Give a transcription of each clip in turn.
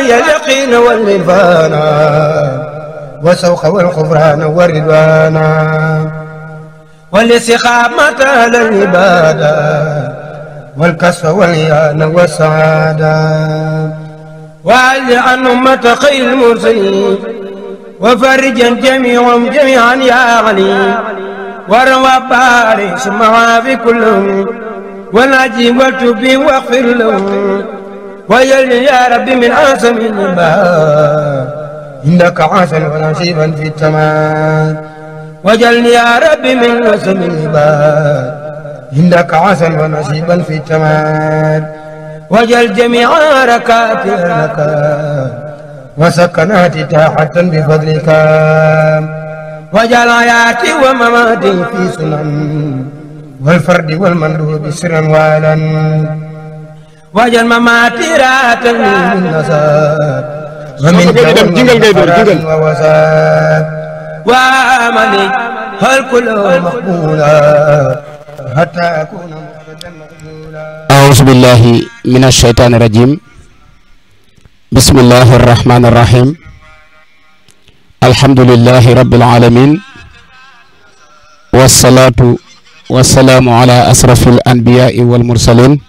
لي اليقين والنيرفان والسوخ والغفران والرضوان والاستقامة على العبادة والكسب والإعانة والسعادة وأجل أن أمة خير المرسلين وفرجا جميعهم جميعا يا علي وروى بارك معافي كلهم والعجيب والتوب واغفر لهم ويلي يا ربي من عاصم النباء إنك عاصم ونصيبا في التمام وجلني يا ربي من عاصم النباء إنك عاصم ونصيبا في التمام وجل جميع ركاتي لك وسكناتي تاحة بفضلك وجل حياتي ومماتي في سنن والفرد والمندوب سرا والا waajal ma maa tiiraatal min nasaat wamin dem jingal ngay door jingal waa ma ni hal kuloo maqbuula hatta akuna أعوذ بالله من الشيطان الرجيم بسم الله الرحمن الرحيم الحمد لله رب العالمين والصلاة والسلام على أشرف الأنبياء والمرسلين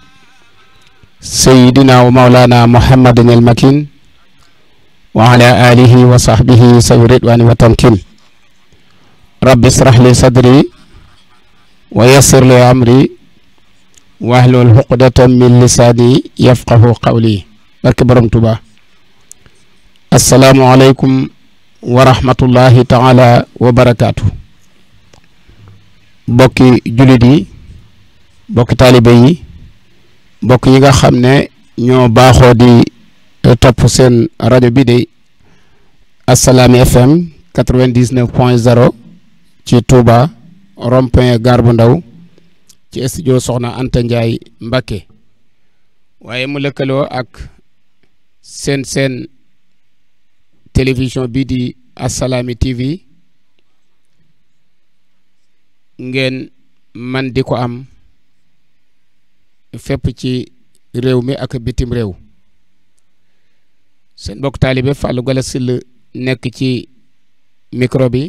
سيدنا ومولانا محمد المكين وعلى آله وصحبه سوي الرضوان والتمكين رب اشرح لي صدري ويسر لي أمري واحلل عقدة من لساني يفقه قولي barke borom Tuuba asalaamualeykum wa rahmatullahi taala wa barakaatu bokki jullit yi bokki taalibe yi mbokk yi nga xam ne ñoo baaxoo eh, top seen rajo bi de Assalaamy FM quatre-vingt-dix-neuf ci Touba rond-point bu Ndaw ci studio Soxna Anta Ndiaye mbake waaye mu lëkkaloo ak seen seen télévision bii di Assalaamy TV ngeen man di ko am fépp ci réew mi ak bitim réew seen bokk taalibe Fallou Galass nekk ci micro bi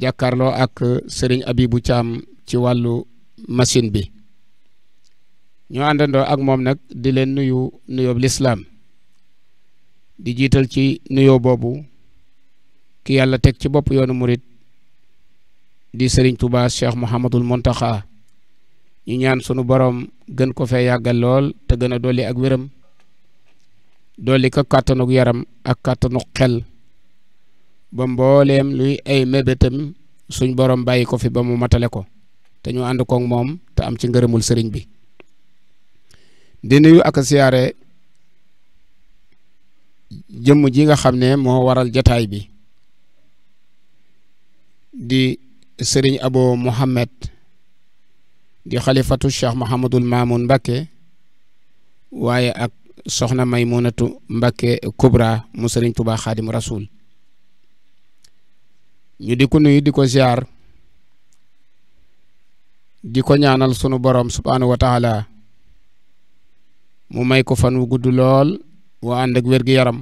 jàkkaarloo ak Serigne Abibou Thiam ci wàllu machine bi ñoo àndandoo ak moom nag di leen nuyu nuyoob lislaam di jiital ci nuyoo boobu ki yàlla teg ci bopp yoonu murit di Serigne Touba Cheikh Mouhamadul Mountakha ñu ñaan sunu borom gën ko fee yàggal lool te gën a dolli ak wéram dolli ko kàttanuk yaram ak kàttanuk xel ba mbooleem luy ay mébétam suñ borom bàyyi ko fi ba mu matale ko te ñu ànd koog moom te am ci ngërëmul sëriñ bi di nuyu ak siyaare jëmm ji nga xam ne moo waral jataay bi di sëriñ Abo Mohamed di xalifatu cheikh Mouhamadul Mamoun Mbakke waaye ak soxna Maymunatu Mbakke Kubra mu Sëriñ Tuubaa Xaadim ñu di ko nuyu di ko ziar di ko ñaanal sunu borom subhaanahu wa mu may ko fan wu gudd lool waa ànd ak wér yaram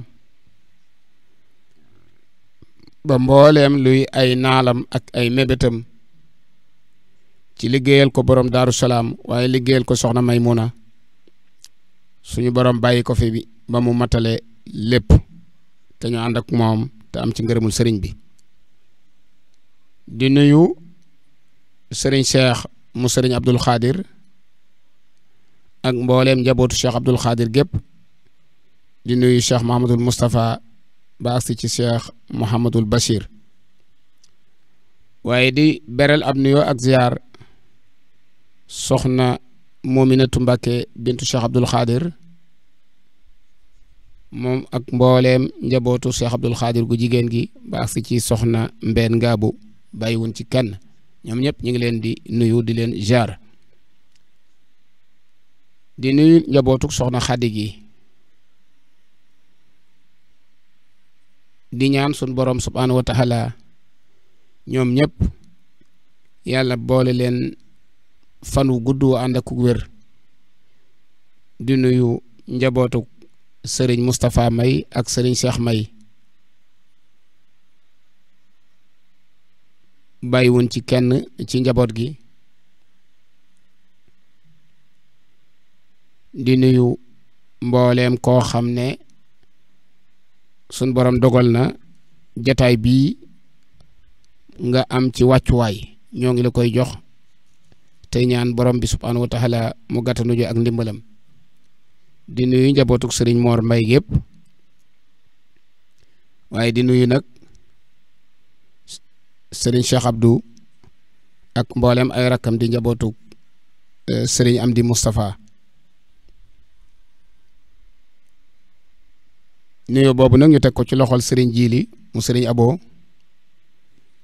ba mbooleem luy ay naalam ak ay mébétam ci liggéeyal ko borom daaru salaam waaye liggéeyal ko soxna may Maymuna suñu borom bàyyi ko fi bi ba mu matale lépp te ñu ànd ak moom te am ci ngërëmul sëriñ bi di nuyu sëriñ Cheikh mu sëriñ Abdul Xaadir ak mbooleem njabootu Cheikh Abdul Xaadir gépp di nuyu Cheikh Mahamadul Moustapha ba agsi ci Cheikh Mouhamadul Bachir waaye di beral ab nuyoo ak ziar soxna Mominatu Mbàkke bintu Cheikh Abdul Xaadir moom ak mbooleem njabootu Cheikh Abdul Xaadir gu jigéen gi baax si ci soxna Mbeen Ngaabu bàyyiwuñ ci kenn ñoom ñëpp ñu ngi leen di nuyu di leen jaar di nuyu njabootu soxna Xadi gi di ñaan sun borom subhaanahu wa taala ñoom ñëpp yàlla boole leen fan wu gudd wu ànd ak wér di nuyu njabootu sëriñ Moustapha May ak sëriñ Cheikh May bàyyiwuñ ci kenn ci njaboot gi di nuyu mbooleem koo xam ne sun boroom dogal na jataay bii nga am ci wàccuwaay ñoo ngi la koy jox tey ñaan borom bi subhaanahu wa taala mu gàttanuñu ak ndimbalam di nuyu njabootuk sëriñ Mor may yëpp waaye di nuyu nag sëriñ Cheikh Abdou ak mboolem ay rakkam di njabootuk eh, sëriñ Amdi Moustapha nuyu boobu nag ñu teg ko ci loxol sëriñ Jili mu sëriñ Abo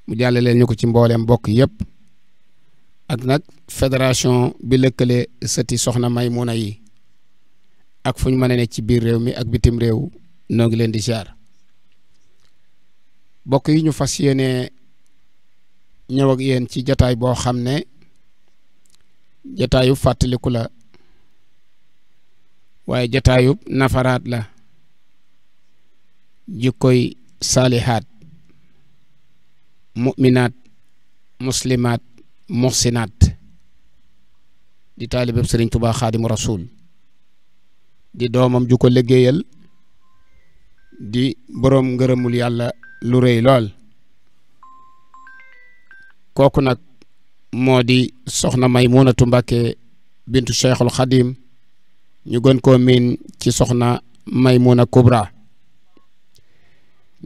mu jàllaleen ñu ko ci mboolem mbokk yëpp ak nag fédération bi lëkkale sati soxna Maymuna yi ak fuñ ñu mën ne ci biir réew mi ak bitim réew noo leen di ziar bokk yi ñu fas yéene ñëw ak ci jataay boo xam ne jataayu fàttaliku la waaye jataayu nafaraat la jikkoy saalihaat mu'minaat muslimaat muhsinaat di taalibab sëriñ tubaa xaadimu rasuul di doomam ju ko liggéeyal di boroom ngërëmul yàlla lu réy lool kooku nag moo di soxna Maymunatu Mbàkke bintu Cheikhul Xadim ñu gën ko miin ci soxna Maymuna Kubra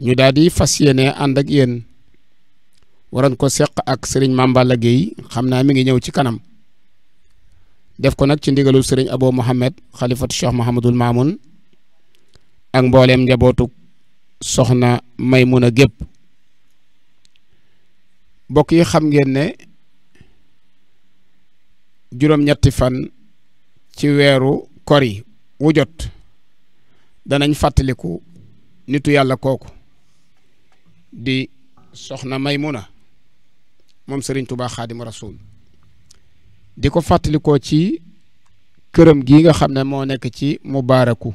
ñu daal di fas yéene ànd ak waroon ko seq ak sëriñ Mamballa Gueye xam naa mi ngi ñëw ci kanam def ko nag ci ndigalul sëriñ Abo Mohamed xalifatu Cheikh Mouhamadul Mamoun ak mbooleem njabootu soxna Maymuna gépp mbokk yi xam ngeen ne juróom-ñetti fan ci weeru kori wujot danañ fàttaliku nitu yàlla kooku di soxna may Maymuna moom Serigne Touba Xaadim Rasoul di ko fàttalikoo ci këram gi nga xam ne moo nekk ci mubaaraku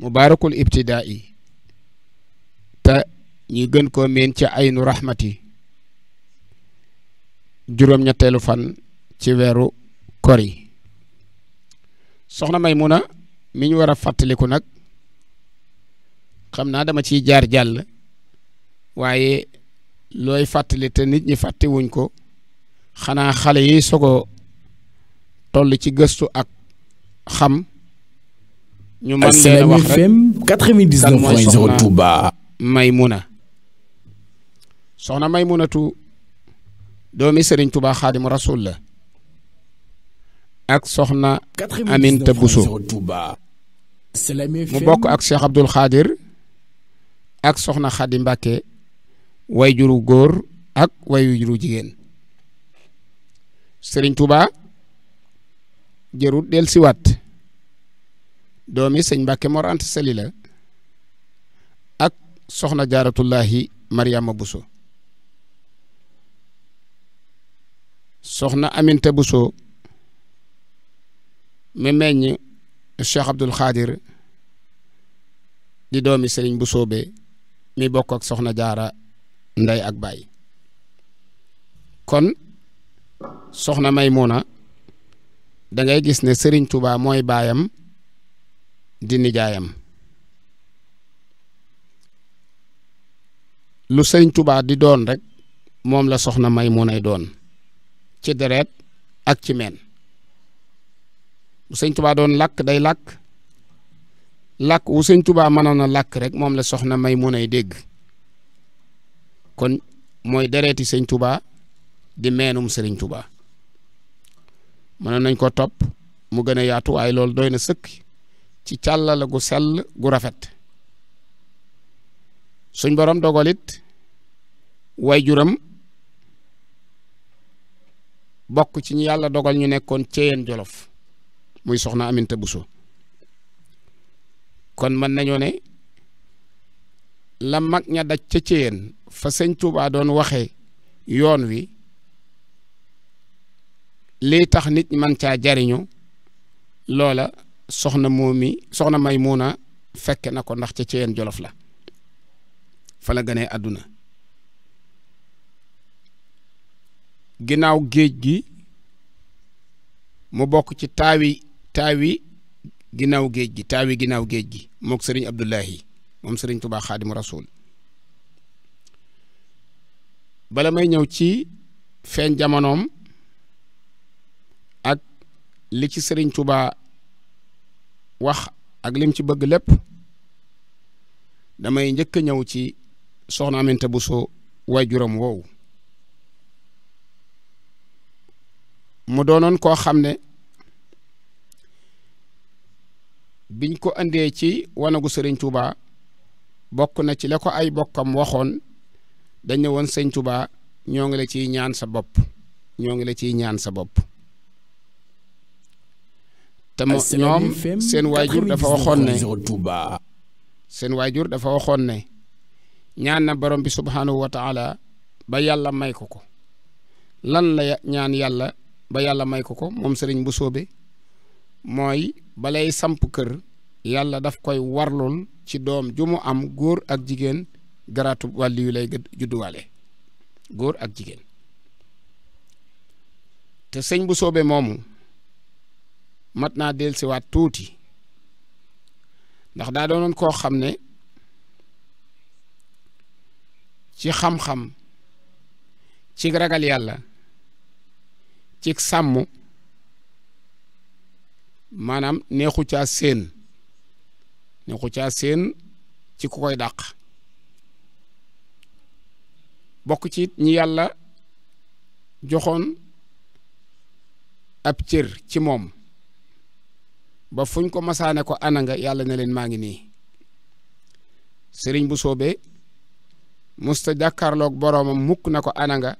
mubaarakul ibtidaa yi te ñi gën koo meen ci aynu rahmati juróom-ñetteelu fan ci weeru kor yi soxna Maymuna mi ñu war a fàttaliku nag xam naa dama ciy jaar jàll waaye looy fàttali te nit ñi fàtte wuñ ko xanaa xale yi sogo toll ci gëstu ak xam. ñu mën leen a wax rek FM 99.0 Touba. Maymuna soxna Maymunatu doomi sëriñ Touba Xaadimu Rasul la ak soxna Aminta Bousso mu bokk ak Cheikh Abdoul Khadir ak soxna Xadi Mbàkke way juru góor ak way juru jigéen sëriñ tuba jërut del siwaat doomi sëñ Mbàkke Mor Anta ak soxna jaaratullahi Mariama Buso soxna Aminta Buso mi meññ Cheikh di doomi sëriñ Busoobe mi bokk ak soxna jaara ndey ak baay kon soxna Maymuna da dangay gis ne Sëriñ tubaa mooy baayam di nijaayam lu Sëriñ tubaa di doon rek moom la soxna may Maymunay doon ci deret ak ci meen bu Sëriñ Tuubaa doon lakk day làkk lakk wu Sëriñ Tuubaa mënoon a lakk rek moom la soxna Maymunay dégg kon mooy dereeti sëñ Touba di meenum sëriñ Touba mënoon nañ ko topp mu gën a yaatu waaye loolu doy na ci càllala gu sell gu rafet suñ borom dogalit waajuram bokk ci ñu yàlla dogal ñu nekkoon Ceyeen Jolof muy soxna Aminta Bousso kon mën nañoo ne la mag ña daj ca Ceyeen fa sëñ Touba doon waxe yoon wi lii tax nit man caa jariñu loola soxna moomi soxna Maymuna fekke na ko ndax ca Ceyeen Jolof la fa la gënee àdduna ginnaaw géej gi mu bokk ci taawi taawi ginnaaw géej gi taawi ginnaaw géej gi mook sëriñ Abdullahi moom sëriñ Tuubaa Xaadimu Rasuul bala may ñëw ci feeñ jamonoom ak li ci sëriñ Tuubaa wax ak lim ci bëgg lépp damay njëkk a ñëw ci soxna Aminta Bousso waajuram woowu mu doonoon koo xam ne biñ ko andee ci wanagu sëriñ Tuubaa bokk na ci la ko ay bokkam waxoon dañ ne woon sëñ ñoo ngi la ciy ñaan sa bopp ñoo ngi la ciy ñaan sa bopp te ñoom seen waajur dafa waxoon ne seen waajur dafa waxoon ne ñaan na borom bi subhaanahu wa ba yàlla may ko ko lan la ñaan yàlla ba yàlla may ko ko moom sëriñ bu soobe mooy balay samp kër yàlla daf koy warlul ci doom ju mu am góor ak jigéen garaatu wàlli yu lay judduwaale góor ak jigéen te sëñ bu soobee moomu mat naa dellusiwaat tuuti ndax daa doonoon koo xam ne ci xam-xam ci ragal yàlla ci sàmm maanaam neexu caa seen neexu caa seen ci ku koy dàq bokk ci ñi yàlla joxoon ab cër ci moom ba fuñ ko masaane ko ananga yàlla ne leen maa ngi nii sëriñ bu soobee musta jàkkaarloog boroomam mukk na ko ananga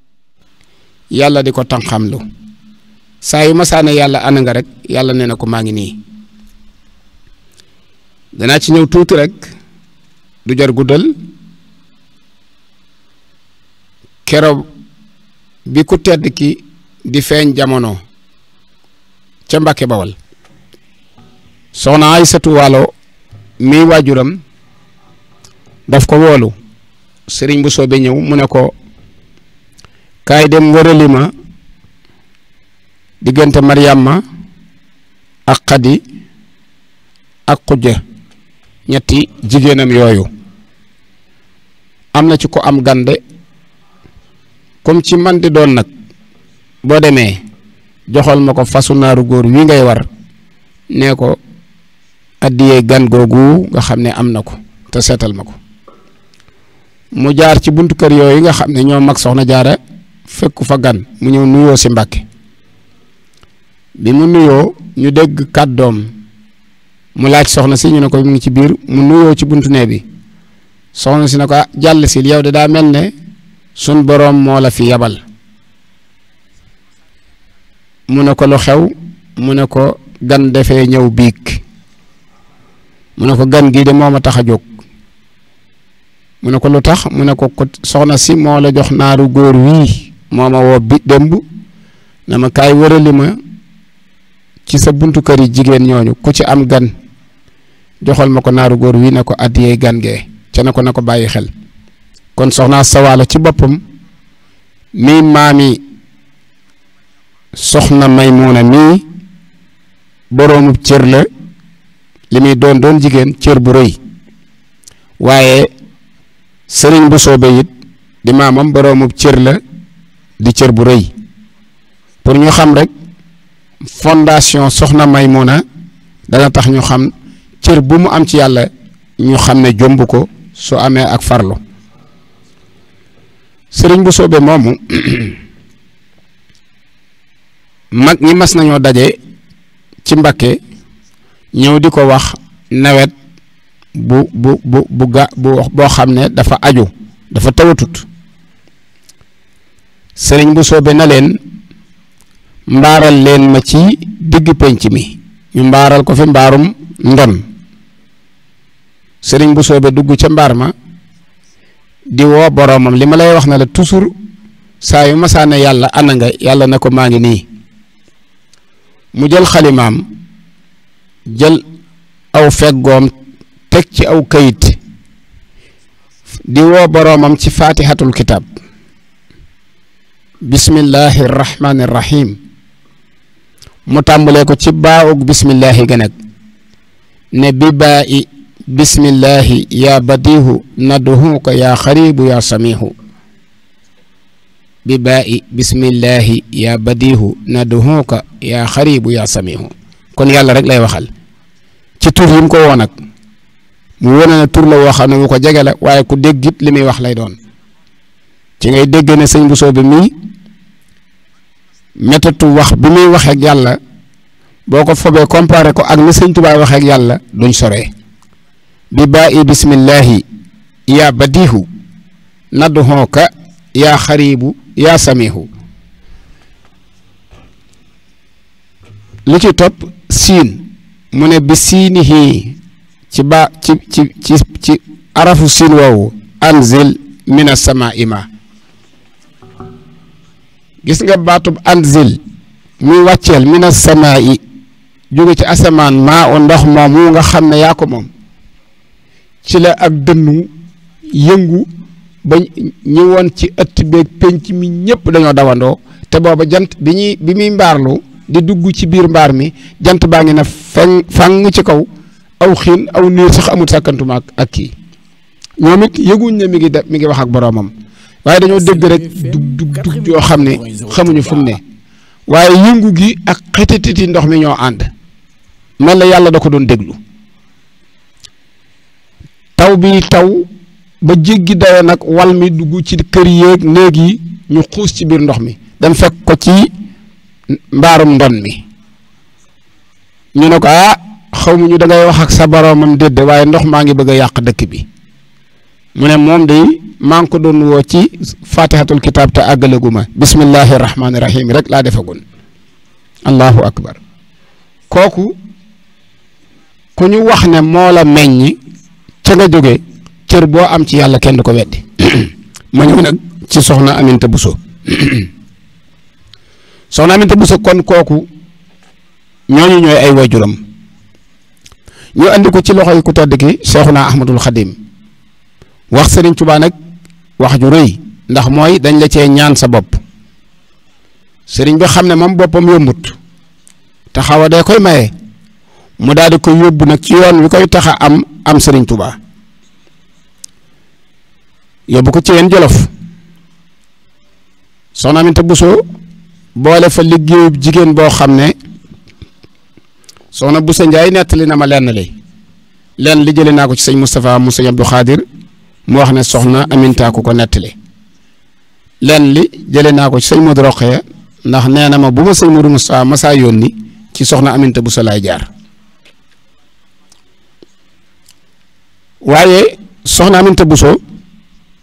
yàlla di ko tànqamlu saa yu masaane yàlla ananga rek yàlla nee na ko maa ngi nii danaa ci ñëw tuuti keroog bi ku ki di feeñ jamono ca Mbàkke Bawal soxna Aysatu walo mi waajuram daf ko woolu sëriñ bu soobee ñëw mu ne ko kaay dem wërali ma diggante Mariama ak Xadi ak Xujja ñetti jigéenam yooyu am na ci ko am gande comme ci man di doon nag boo demee joxal ma ko fasu naaru góor wi ngay war nee ko addiyee gan googu nga xam ne am na ko te seetal ma ko mu jaar ci buntu kër yooyu nga xam ne ñoo mag soxna jaara fekku fa gan mu ñëw nuyoo si mbàkke bi mu nuyoo ñu dégg doom mu laaj soxna si ñu ne ko mu ngi ci biir mu nuyoo ci buntu nee bi soxna si ne ko ah, jàll si yow de daa mel ne sun boroom moo la fi yabal mu ne ko lu xew mu ne ko gan defee ñëw biig mu ne ko gan gi de moo ma tax a jóg mu ne ko lu tax mu ne ko soxna si moo la jox naaru góor wii moo ma woo bi démb na ma kaay wërali ma ci sa buntu kër yi jigéen ñooñu ku ci am gan joxal ma ko naaru góor wii ne ko addiyee gan gee ca na ko na ko bàyyi xel kon soxna sawaalo ci boppam mi maami soxna Maymuna mii boroomub cër la li doon doon jigéen cër bu rëy waaye sëriñ bu soobee it di maamam boroomub cër la di cër bu rëy pour ñu xam rek fondation soxna Maymuna dana tax ñu xam cër bu mu am ci yàlla ñu xam ne jomb ko su amee ak farlo sëriñ bu soobee moomu mag ñi mas nañoo daje ci Mbàkke ñëw di ko wax nawet bu bu bu bu boo xam ne dafa aju dafa tawatut sëriñ bu soobee na leen mbaaral leen ma ci digg penc mi ñu mbaaral ko fi mbaarum ndon sëriñ bu soobee dugg ca mbaar ma di woo boroomam li ma lay wax na la toujours saa yu masaane yàlla ana nga yàlla na ko maa ngi nii mu jël xalimaam jël aw feggoom teg ci aw kayit di woo boroomam ci faatihatul kitaab bismillahi rahmaani rahim mu tàmbalee ko ci baawug bismillahi ga ne bi i bismillahi yaa badiihu nadduhuuka yaa xariibu yaa samiihu bi baa'i bismillahi yaa badiihu nadduhuuka yaa xariibu yaa samiihu kon yàlla rek lay waxal ci tur yi mu ko woo nag mu wone ne tur la woo xam ko jege waaye ku déggit li muy wax lay doon ci ngay dégg ne sëñ bu soobe mii métatu wax bi muy waxeek yàlla boo ko fobee comparé ko ak ni sëñ tubaay waxeek yàlla duñ soree bi baa'i bismillahi yaa badiihu nadhooka yaa xariibu yaa samiihu lu ci topp siin mu ne bi siinihi ci ci arafu siin woowu anzil mina sama ima gis nga baatub anzil mu wàcceel mina sama i ci asamaan maa o ndox moomu nga xam ne moom ci la ak dënnu yëngu ba ñi woon ci ëtt beeg penc mi ñëpp dañoo dawandoo te booba jant bi ñuy bi muy mbaarlu di dugg ci biir mbaar mi jant baa ngi ne fang fang ci kaw aw xiin aw niir sax amul sàkkantuma ak kii ñoom yëguñ ne mi ngi def mi ngi wax ak boroomam waaye dañoo dégg rek dug dug dug xam ne xamuñu fu mu ne waaye yëngu gi ak xitititi ndox mi ñoo ànd mel na yàlla da ko doon déglu taw bi taw ba jéggi dayo nag wal mi dugg ci kër yéeg néeg yi ñu xuus ci biir ndox mi dem fekk ko ci mbaarum ndon mi ñu ne ko ah xaw mu ñu da wax ak sa boroomam déedéet waaye ndox maa ngi bëgg a yàq dëkk bi mu ne moom de maa ngi ko doon woo ci fatihatul kitaab te àggalagu ma bismillahi rahmaani rahim rek laa defagun allahu akbar kooku ku ñu wax ne moo la meññ te nga jógee cër boo am ci yàlla kenn du ko weddi ma ñëw nag ci soxna Aminta Bousso soxna Aminta Bousso kon kooku ñooñu ñooy ay wajuram ñu andi ko ci loxo yi ku tedd ki Seexuna Ahmadul Xadim wax Sëriñ Tuubaa nag wax ju rëy ndax mooy dañ la cee ñaan sa bopp sëriñ bi xam ne moom boppam yombut te xaw a dee koy maye mu daal di ko yóbbu nag ci yoon wi koy taxa am am sëriñ tubaa yóbbu ko ci yeen jolof soxna Aminta Bousso boole fa liggéeyub jigéen boo xam ne soxna Bousso Njaay nettali na ma lenn li li jëlee naa ko ci sëñ Moustapha mu sëñ Abdou Khadir mu ne soxna Aminta ko nettali lenn li jëlee naa ko ci sëñ Modou Rokhaya ndax nee na ma bu ma sëñ Modou Moustapha masaa yónni ci soxna Aminta Bousso laay jaar waaye soxna Aminta Bousso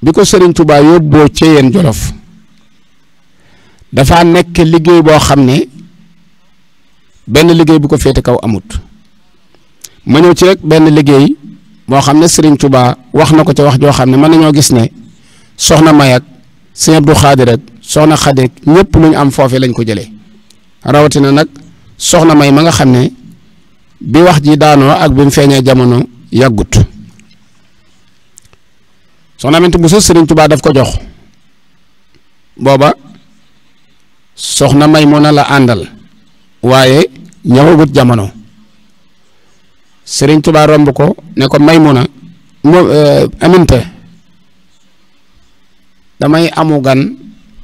bi ko sëriñ Touba yóbboo Ceyeen Jolof dafa nekk liggéey boo xam ne benn liggéey bu ko féete kaw amut ma ñëw ci rek benn liggéey boo xam ne Serigne tubaa wax na ko ca wax joo xam ne mën nañoo gis ne soxna Mayak Sëñ Abdou Xaadir rek soxna Xaadir ñëpp lu ñu am foofe lañ ko jële rawatina nag soxna May ma nga xam ne bi wax ji daanoo ak bi mu feeñee jamono yàggut. soxna Aminta Bousso Serigne Touba daf ko jox booba soxna Maymuna la àndal waaye ñëwagut jamono Serigne Touba romb ko ne ko Maymuna moom euh, Aminta damay amu gan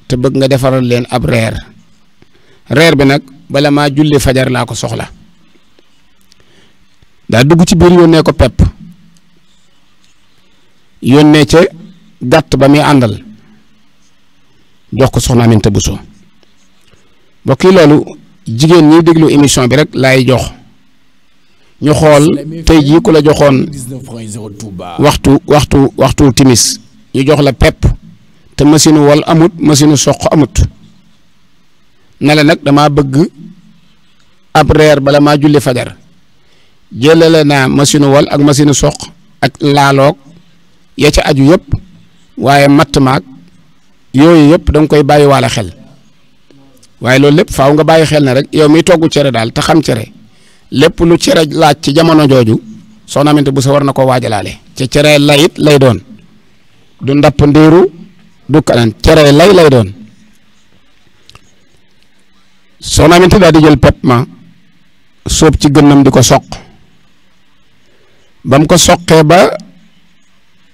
te bëgg nga defaral leen ab reer reer bi nag bala maa julli fajar laa ko soxla daa dugg ci biir yoon ne ko yónnee ca gàtt ba muy àndal jox ko soxna Aminta Bousso mbokk yi loolu jigéen ñi déglu émission bi rek laay jox ñu xool tey jii ku la joxoon waxtu waxtu waxtu timis ñu jox la pepp te machine wol amut machine soq amut ne nag damaa bëgg ab reer bala maa julli fajar jëlale naa machine wol ak machine soq ak laaloog ya ca aju yëpp waaye matt maag yooyu yëpp da koy bàyyi waale xel waaye loolu lépp faaw nga bàyyi xel ne rek yow mi togg cere daal te xam cere lépp lu cere laaj ci jamono jooju soxna bu Bousso war na ko waajalaale ca cere lay lay doon du ndapp ndiiru du kanan cere lay lay doon soxna Aminta daal di jël pepp ma sóob ci gënnam di ko soq ba ko soqee ba.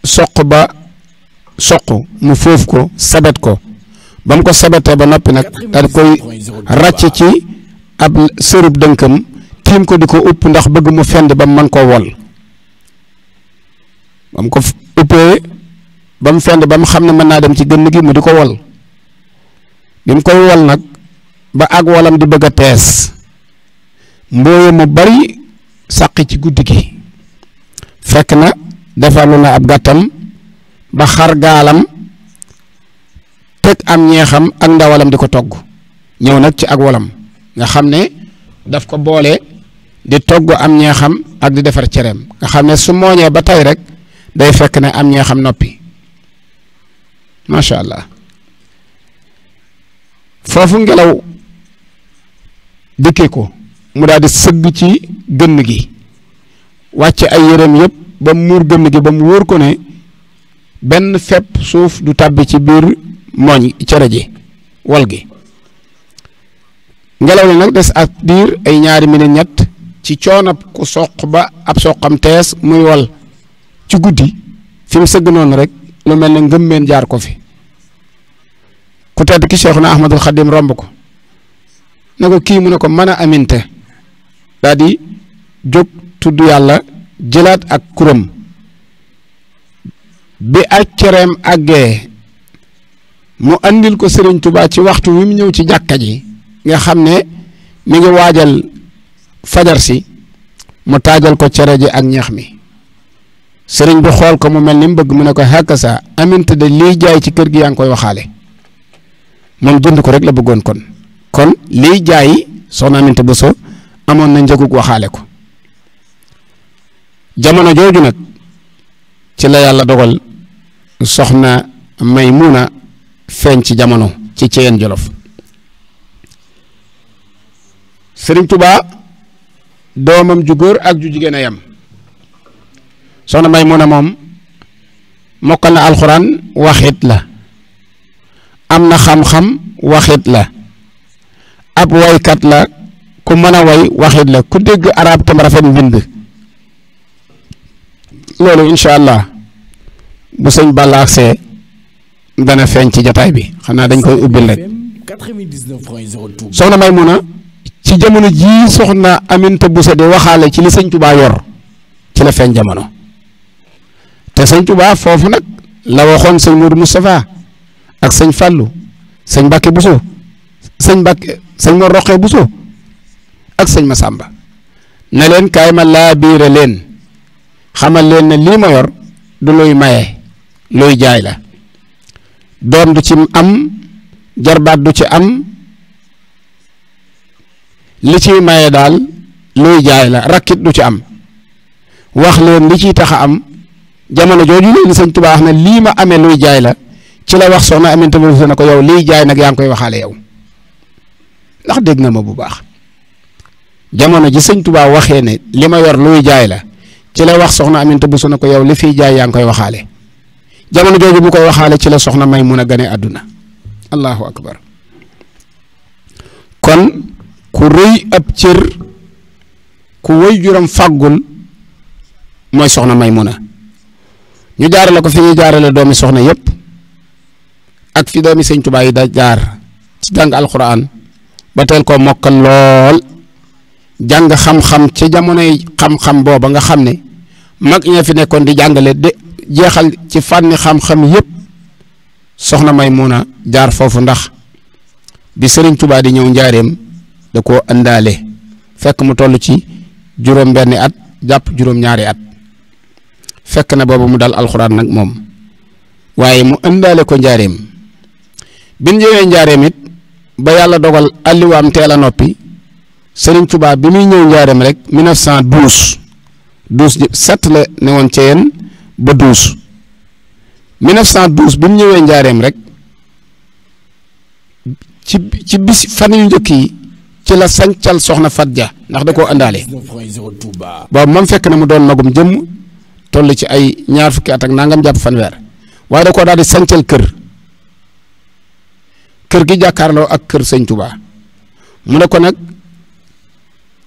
soq ba soq mu foofu ko sabet ko ba mu ko sabetee ba noppi nag daal koy ràcc ci ab sërub dënkam tiim ko di ko upp ndax bëgg mu fend ba mu mën koo wol ba mu ko uppee ba mu fend ba mu xam ne mën naa dem ci gënn gi mu di ko wol bi mu koy wol nag ba ak wolam di bëgg a tees mbooye mu bari sàqi ci guddi gi fekk na defalu na ab gàttam ba xar gaalam teg am ñeexam ak ndawalam di ko togg ñëw nag ci ak walam nga xam ne daf ko boole di togg am ñeexam ak di defar cereem nga xam ne su mooñee ba tey rek day fekk ne am ñeexam noppi macha allah foofu ngelaw dikkee ko mu daal di sëgg ci gënn gi wàcce ay yëreem yëpp ba mu muur gëmm gi ba mu wër ko ne benn fepp suuf du tàbbi ci biir mooñ cere ji wal gi ngelaw li nag des ak diir ay ñaari minute ñett ci coonab ku soq ba ab soqam tees muy wal ci guddi fi mu sëgg noonu rek lu mel na ngëmmeen jaar ko fi ku tedd ki Seexuna Ahmadul Xadim romb ko na ko kii mu ne ko mën a aminte daal di jóg tudd yàlla jëlaat ak kuram bi ak cereem àggee mu andil ko Serigne Touba ci waxtu wi mu ñëw ci jàkka ji nga xam ne mi ngi waajal fajar si mu taajal ko cere ji ak ñeex mi sëriñ bi xool ko mu mel ni mu bëgg mu ne ko xàkka sa aminte de liy jaay ci kër gi yaa ngi koy waxaale moom jënd ko rek la bëggoon kon kon liy jaay soxna aminte Bousso amoon na njëgug waxaale ko jamono jooju nag ci la yàlla dogal soxna muna feeñ ci jamono ci Ceyeen Jolof Sëriñ tubaa doomam ju góor ak ju jigéen a yam soxna Maymuna moom mokkal na alxuraan waxit la am na xam-xam waxit la ab waykat la ku mën a way waxit la ku dégg arab tam rafet mbind loolu incha allah bu sëñ Balla agsee dana feeñ ci jataay bi xanaa dañ koy ubbil rek soxna Maymuna ci jamono jii soxna Aminta bu di waxaale ci li sëñ Touba yor ci la feeñ jamono te sëñ Touba foofu nag la waxoon sëñ Mourou Moustapha ak sëñ Fallou sëñ Mbacke Bousso sëñ Mbacke sëñ moo Roqee Bousso ak sëñ Massamba na leen kay ma laa leen xamal leen ne lii ma yor du luy maye luy jaay la doom du ci am jarbaat du ci am li ciy maye daal luy jaay la rakkit du ci am wax leen li ciy tax a am jamono jooju leen sëñ Tuubaa wax ne lii ma amee luy jaay la ci la wax soxna Aminata Mbuso na ko yow liy jaay nag yaa ngi koy waxaale yow ndax dégg na ma bu baax jamono ji sëñ Tuubaa waxee ne li ma yor luy jaay la ci la wax soxna Aminta Bousso na ko yow li fiy jaay yaa ngi koy waxaale jamono jooju bu koy waxaale ci la soxna may mun a gane àdduna allahu akbar kon ku rëy ab cër ku wëy juram fàggul mooy soxna may mun a ñu jaarale ko fi ñuy jaarale doomi soxna yépp ak fi doomi sëñ Tuubaa yi da jaar ci jàng alxuraan ba teel koo mokkal lool jàng xam-xam ci jamonoy xam-xam booba nga xam ne mag ña fi nekkoon di jàngale de jeexal ci fànni xam-xam yëpp soxna Maymuna jaar foofu ndax bi sëriñ Tuubaa di ñëw njaareem da ko àndaale fekk mu toll ci juróom benni at jàpp juróom ñaari at fekk na boobu mu dal alxuraan nag moom waaye mu àndaale ko njaareem bi ñu ñëwee ba yàlla dogal alliwaam teel a noppi sëriñ Tuubaa bi muy ñëw njaareem rek 1912 douze sept la newoon ca yéen ba douze 1912 bi mu ñëwee njaareem rek ci ci bis fan yu njëkk yi ci la sancal soxna Fat Dia ndax da koo àndaale boobu man fekk na mu doon magum jëmm toll ci ay ñaar fukki at ak nangam jàpp fanweer waaye da koo daal di sancal kër kër gi jàkkaarloo ak kër sëñ Touba mu ne ko nag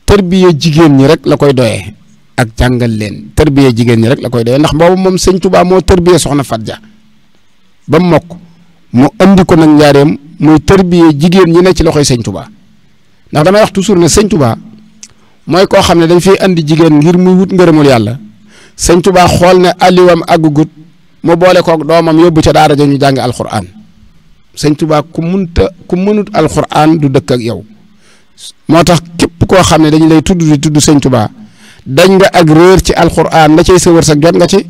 tërbiye jigéen ñi rek la koy doyee ak jàngal leen tërbiye jigéen ñi rek la koy dee ndax boobu moom sëñ Tuubaa moo tërbiye soxna Faat Ja ba mokk mu indi ko nag njaareem muy tërbiye jigéen ñi ne ci loxoy sëñ Tuubaa ndax damay wax toujours ne sëñ mooy koo xam ne dañ fiy andi jigéen ngir muy wut ngërëmul yàlla sëñ Tuubaa xool ne alliwam àggugut mu boole kook doomam yóbbu ca daara ja ñu jàng alxuraan sëñ Tuubaa ku munta ku mënut alxuraan du dëkk ak yow moo tax képp koo xam ne dañu lay tudd di tudd sëñ Tuubaa dañ nga ak réer ci alxuraan la cay sa wërsëg jot nga ci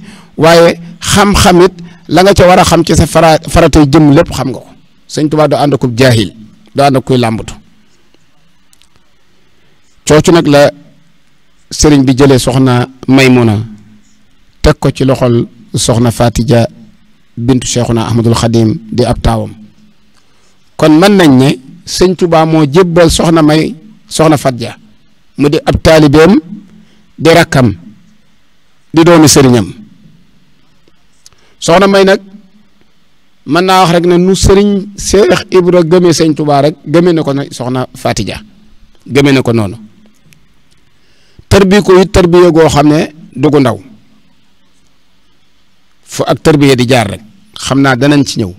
waaye xam-xamit la nga ci war a xam ci sa fara faratee jëm lépp xam nga ko sëñ Tuubaa doo ànd akub jaahil doo ànd ak kuy làmbatu coocu nag la sëriñ bi jëlee soxna na teg ko ci loxol soxna Fatija bintu Cheikhuna Ahmadul Xadim di ab taawam kon mën nañ ne sëñ Tuubaa moo jébbal soxna May soxna Fatija mu di ab taalibeem di rakkam di doomi sëriñam soxna may nag mën naa wax rek ne nu sëriñ Seex Ibra gëmee sëñ Tuubaa rek gëmee na ko ne soxna Fatija gëmee na ko noonu tarbi ko it tarbiya goo xam ne du ndaw fu ak tarbiya di jaar rek xam naa danañ ci ñëw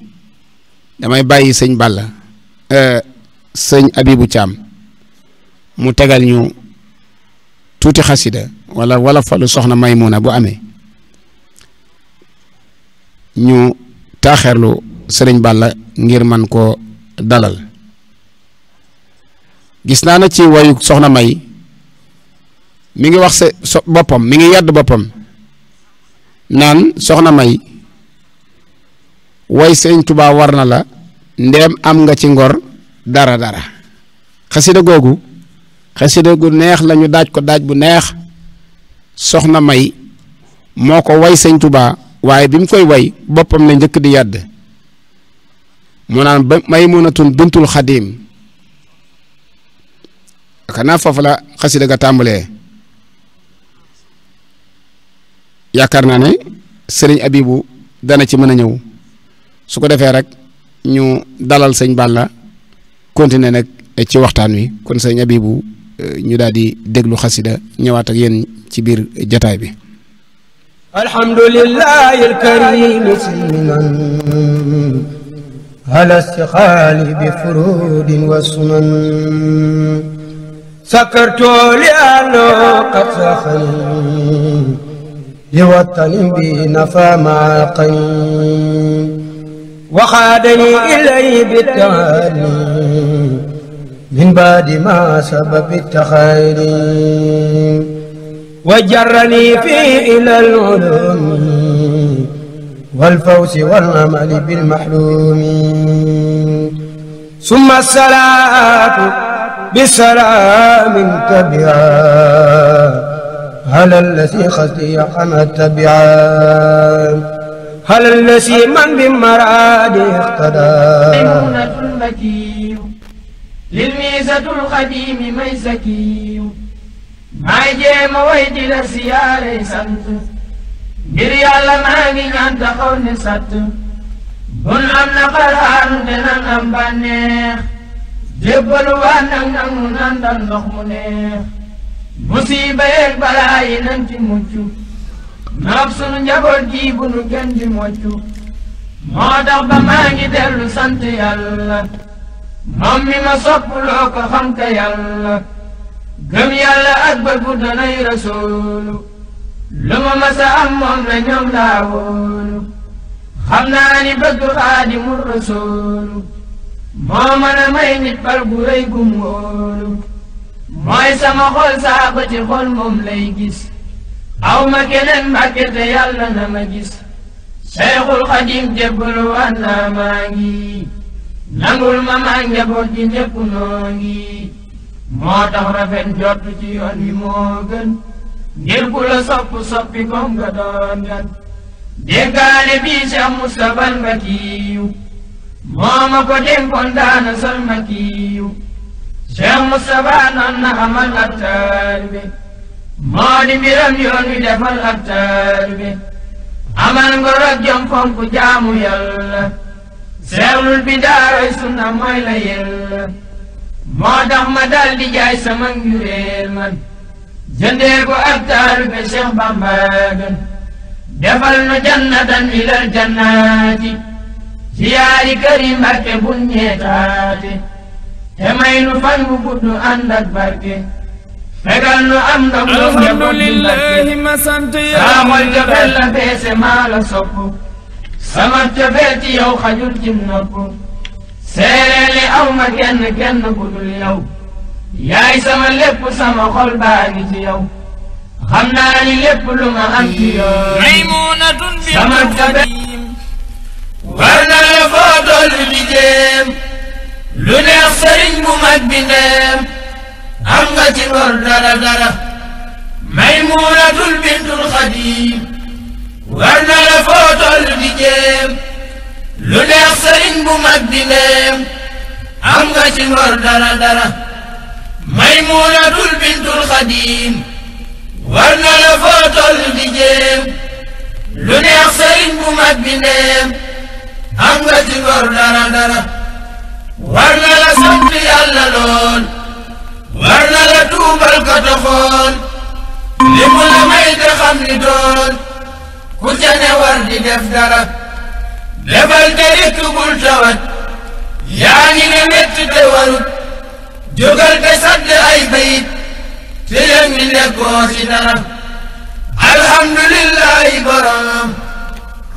damay bàyyi sëñ Balla eh, sëñ Abibu Caam mu tegal ñu tuuti xasida walla wala falu soxna may Maymuna bu amee ñu taaxeerlu sëriñ la ngir man koo dalal gis naa na ci wayu soxna May mi ngi wax boppam mi ngi yàdd boppam naan soxna May way sëriñ Tuubaa war na la ndeem am nga ci ngor dara dara xasida googu xasida gu neex lañu daaj ko daaj bu neex soxna may moo ko way sëñ tubaa waaye bi mu koy way boppam la njëkk di yàdd mu naan ba maymunatun bintul xadim xanaa foofu la xasida ga tàmbalee yaakaar naa ne sëriñ abibu dana ci mën a ñëw su ko defee rek ñu dalal sëñ Balla continuer nag ci waxtaan wi kon sëñ Abibu Euh, ñu daal di déglu xasida ñëwaat ak yéen ci biir jataay bi alhamdulillahi alkarim musliman على استقال بفرود وسنن سكرت لأنه قد سخن لوطن بنفى مع القين وخادني إليه بالتعليم من بعد ما سبب التخير وجرني فيه إلى العلوم والفوز والأمل بالمحلوم ثم الصلاة بسلام تبعا هل الذي خزي عن تبعا هل الذي من بمراد اقتدى lil miisatul xadiimi may sakiyu maay jéema way di la sant ngir yàlla maa ngi ñaan taxaw ne sàtt bun am na xaraanu te nan am bànneex jébbalu waa nag nag mu nandal ndox mu neex musiba yeeg balaa nan ci mucc noob sunu njaboot gi nu gën di moccu moo tax ba maa ngi dellu sant yàlla moom mi ma sopp loo ko xam te yàlla gëm yàlla ak bët rasuulu lu ma masa am moom la ñoom laa wóolu xam naa ni bëgg rasuulu moo mën a may nit bal bu gum wóolu mooy sama xol saa xol moom lay gis aw ma keneen mbàkke te yàlla na ma gis Seyxul Xadim jébbalu waan naa nangul ma maag njaboot ji ñépp noo moo tax rafet njort ci yoon yi ngir ku la soppi kom nga doon gan déggaale bii si am nga kiiyu moo ma ko dénkoon daana sol ma kiiyu cheikh mustapha na xamal ak taalibe moo di mbiram yoon wi defal ak taalibe amal ngor ak jom fonk jaamu yàlla seexlul bi daaroy sunna mooy la yel ma dal jaay sama njuréel man jëndee ko ak be Cheikh Bamba gën defal jannatan ilal jannaati ziyaari këri Mbàkke bu ñeetaate may nu fan bu gudd barke fegal nu am ndam alhamdulillahi ma sant yàlla saamol jofel la feese maa sama cofeel ci yow xajul ci nopp seereel aw ma kenn kenn ku dul yow yaay sama lépp sama xol baa ngi ci xam naa ni lu ma am ci yow bi ndeem am nga ci bor dara dara maymuunatul bintul xadiim war na la foo toll lu neex sëriñ bu mag am nga ci ngor dara dara maymuunatul bintul xadiim war na la foo toll lu neex sëriñ bu mag am nga ci dara dara war la sant yàlla lool war la tuubal ko toxoon li mu la may te ni doon ku ca ne def dara defal te rikk bul tawat yaa ngi warut jógal te sadd ay bayit te yëg ni dara alhamdulillahi borom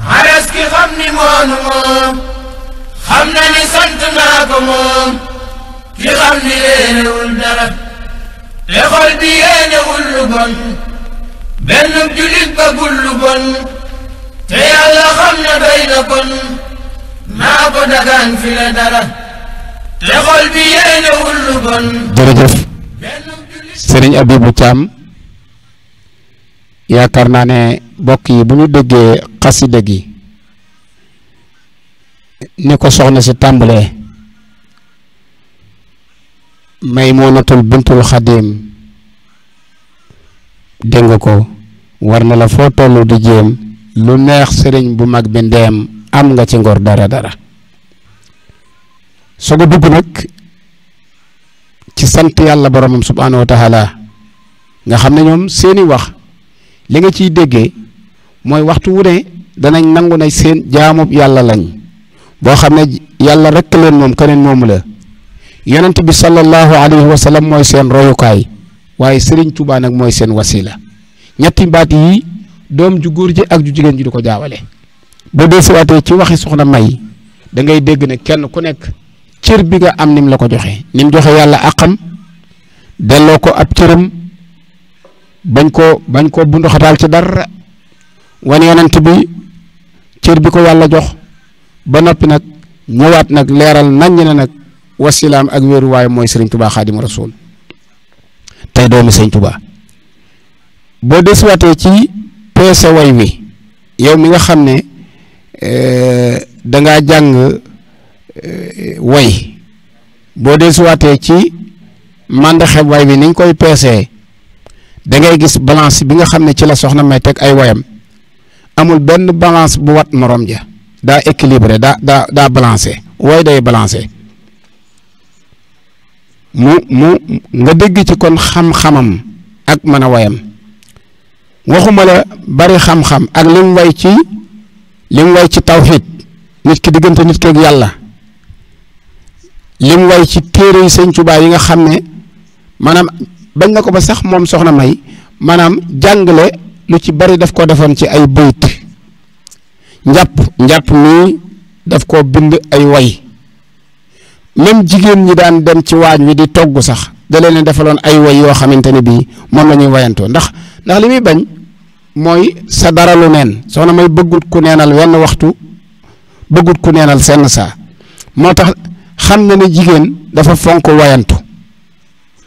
xares ki xam ni moonu moom xam na ni sant naa moom ki xam ni yéenewul dara te xol bi yéenewul lu bon benn julit ba gul bon te yàlla xam na doy na kon naa ko dagaan fi la dara te xol bi yéenewul lu bon jërëjëf sëriñ Abibu Caam yaakaar naa ne bokk yi bu ñu déggee xasida gi ni ko soxna si may Maymunatul bintul Xadim dégg nga ko war na la foo tollu di jéem lu neex sëriñ bu mag bi ndeem am nga ci ngor dara dara soo ko dugg nag ci sant yàlla boromam subhaanahu wa taala nga xam ne ñoom seeni wax li nga ciy déggee mooy waxtu wu ne danañ nangu na seen jaamub yàlla lañ boo xam ne yàlla rekk leen moom keneen moomu la yonent bi sallallahu alayhi wa mooy seen royukaay waaye sëriñ Tuubaa nag mooy seen wasila ñetti baat yi doom ju góor ji ak ju jigéen ji du ko jaawale. boo dee siwaatee ci waxi soxna May da ngay dégg ne kenn ku nekk cër bi nga am ni mu la ko joxe nim joxe yàlla àqam delloo ko ab cëram bañ ko bañ ko bunduxataal ci dara wane yonent bi cër bi ko yàlla jox ba noppi nag ñëwaat nag leeral naññ ne nag wasilaam ak wéeruwaay mooy Serigne Touba Xaadimu Rasuul tey doomi Serigne Touba boo desiwaatee ci. peese way wi yow mi nga xam ne eh, dangaa jàng eh, way boo desuwaatee ci màndaxe way wi niñ koy peesee da ngay gis balance bi nga xam ne ci la soxna may teg ay wayam amul benn balance bu wat morom ja daa équilibré daa daa daa balancé way day balancé mu mu nga dégg ci kon xam-xamam ak mën a wayam waxuma la bari xam-xam ak li mu way ci li mu way ci tawxiid nit ki diggante nit ki ak yàlla li mu way ci téere yi sëñ Tuubaa yi nga xam ne maanaam bañ na ko ba sax moom soxna May maanaam jàngale lu ci bari daf ko defoon ci ay bayt njàpp njàpp mii daf ko bind ay way même jigéen ñi daan dem ci waañ wi di togg sax da leen defaloon ay way yoo xamante ne bii moom la ñuy wayantoo ndax ndax li muy bañ mooy sa dara lu neen soxna may bëggut ku neenal wenn waxtu bëggut ku neenal senn saa moo tax xam na ne jigéen dafa fonk wayantu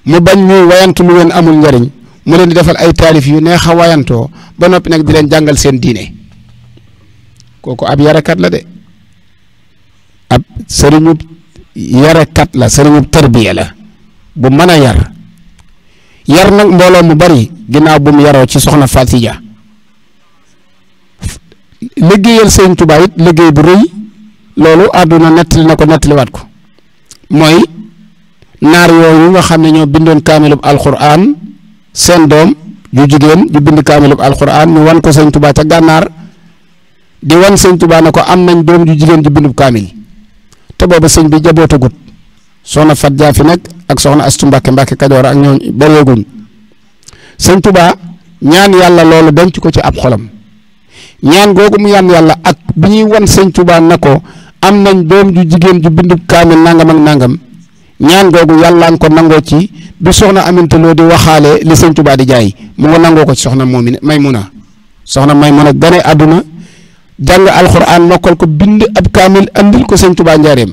mu bañ ñuy wayantu lu leen amul njariñ mu leen di defal ay taarif yu neex a wayantoo ba noppi nag di leen jàngal seen diine kooku ab yarakat la de ab sëriñub yarakat la sëriñub tarbiya la bu mën a yar yar nag mbooloo mu bari ginnaaw bu mu yaroo ci soxna Faty Dia liggéeyal sëñ Tuubaa it liggéey bu rëy loolu àdduna nettali na ko nettaliwaat ko mooy naar yooyu nga xam ne ñoo bindoon kaamilub alxuraan seen doom ju jigéen ju bind kaamilub alxuraan ñu wan ko sëñ Tuubaa ca gànnaar di wan sëñ Tuubaa ne ko am nañ doom ju jigéen ju bindub kaamil te booba sëñ bi jabootagut soxna Fat Dia fi nekk ak soxna Astu Mbàkke Mbàkke Kajoor ak ñooñu bareeguñ sëñ Tuubaa ñaan yàlla loolu ci ko ci ab xolam ñaan googu mu yaan yàlla ak bi ñuy wan sëñ Tuubaa na ko am nañ doom ju jigéen ju bindub kaamil nangam ak nangam ñaan googu yàllaan ko nangoo ci bi soxna Aminta Lo di waxaale li sëñ Tuubaa di jaay mu nga nangoo ko ci soxna moomi Maymuna soxna Maymuna gane àdduna jàng alxuraan mokkal ko bind ab kaamil andil ko sëñ Tuubaa njaareem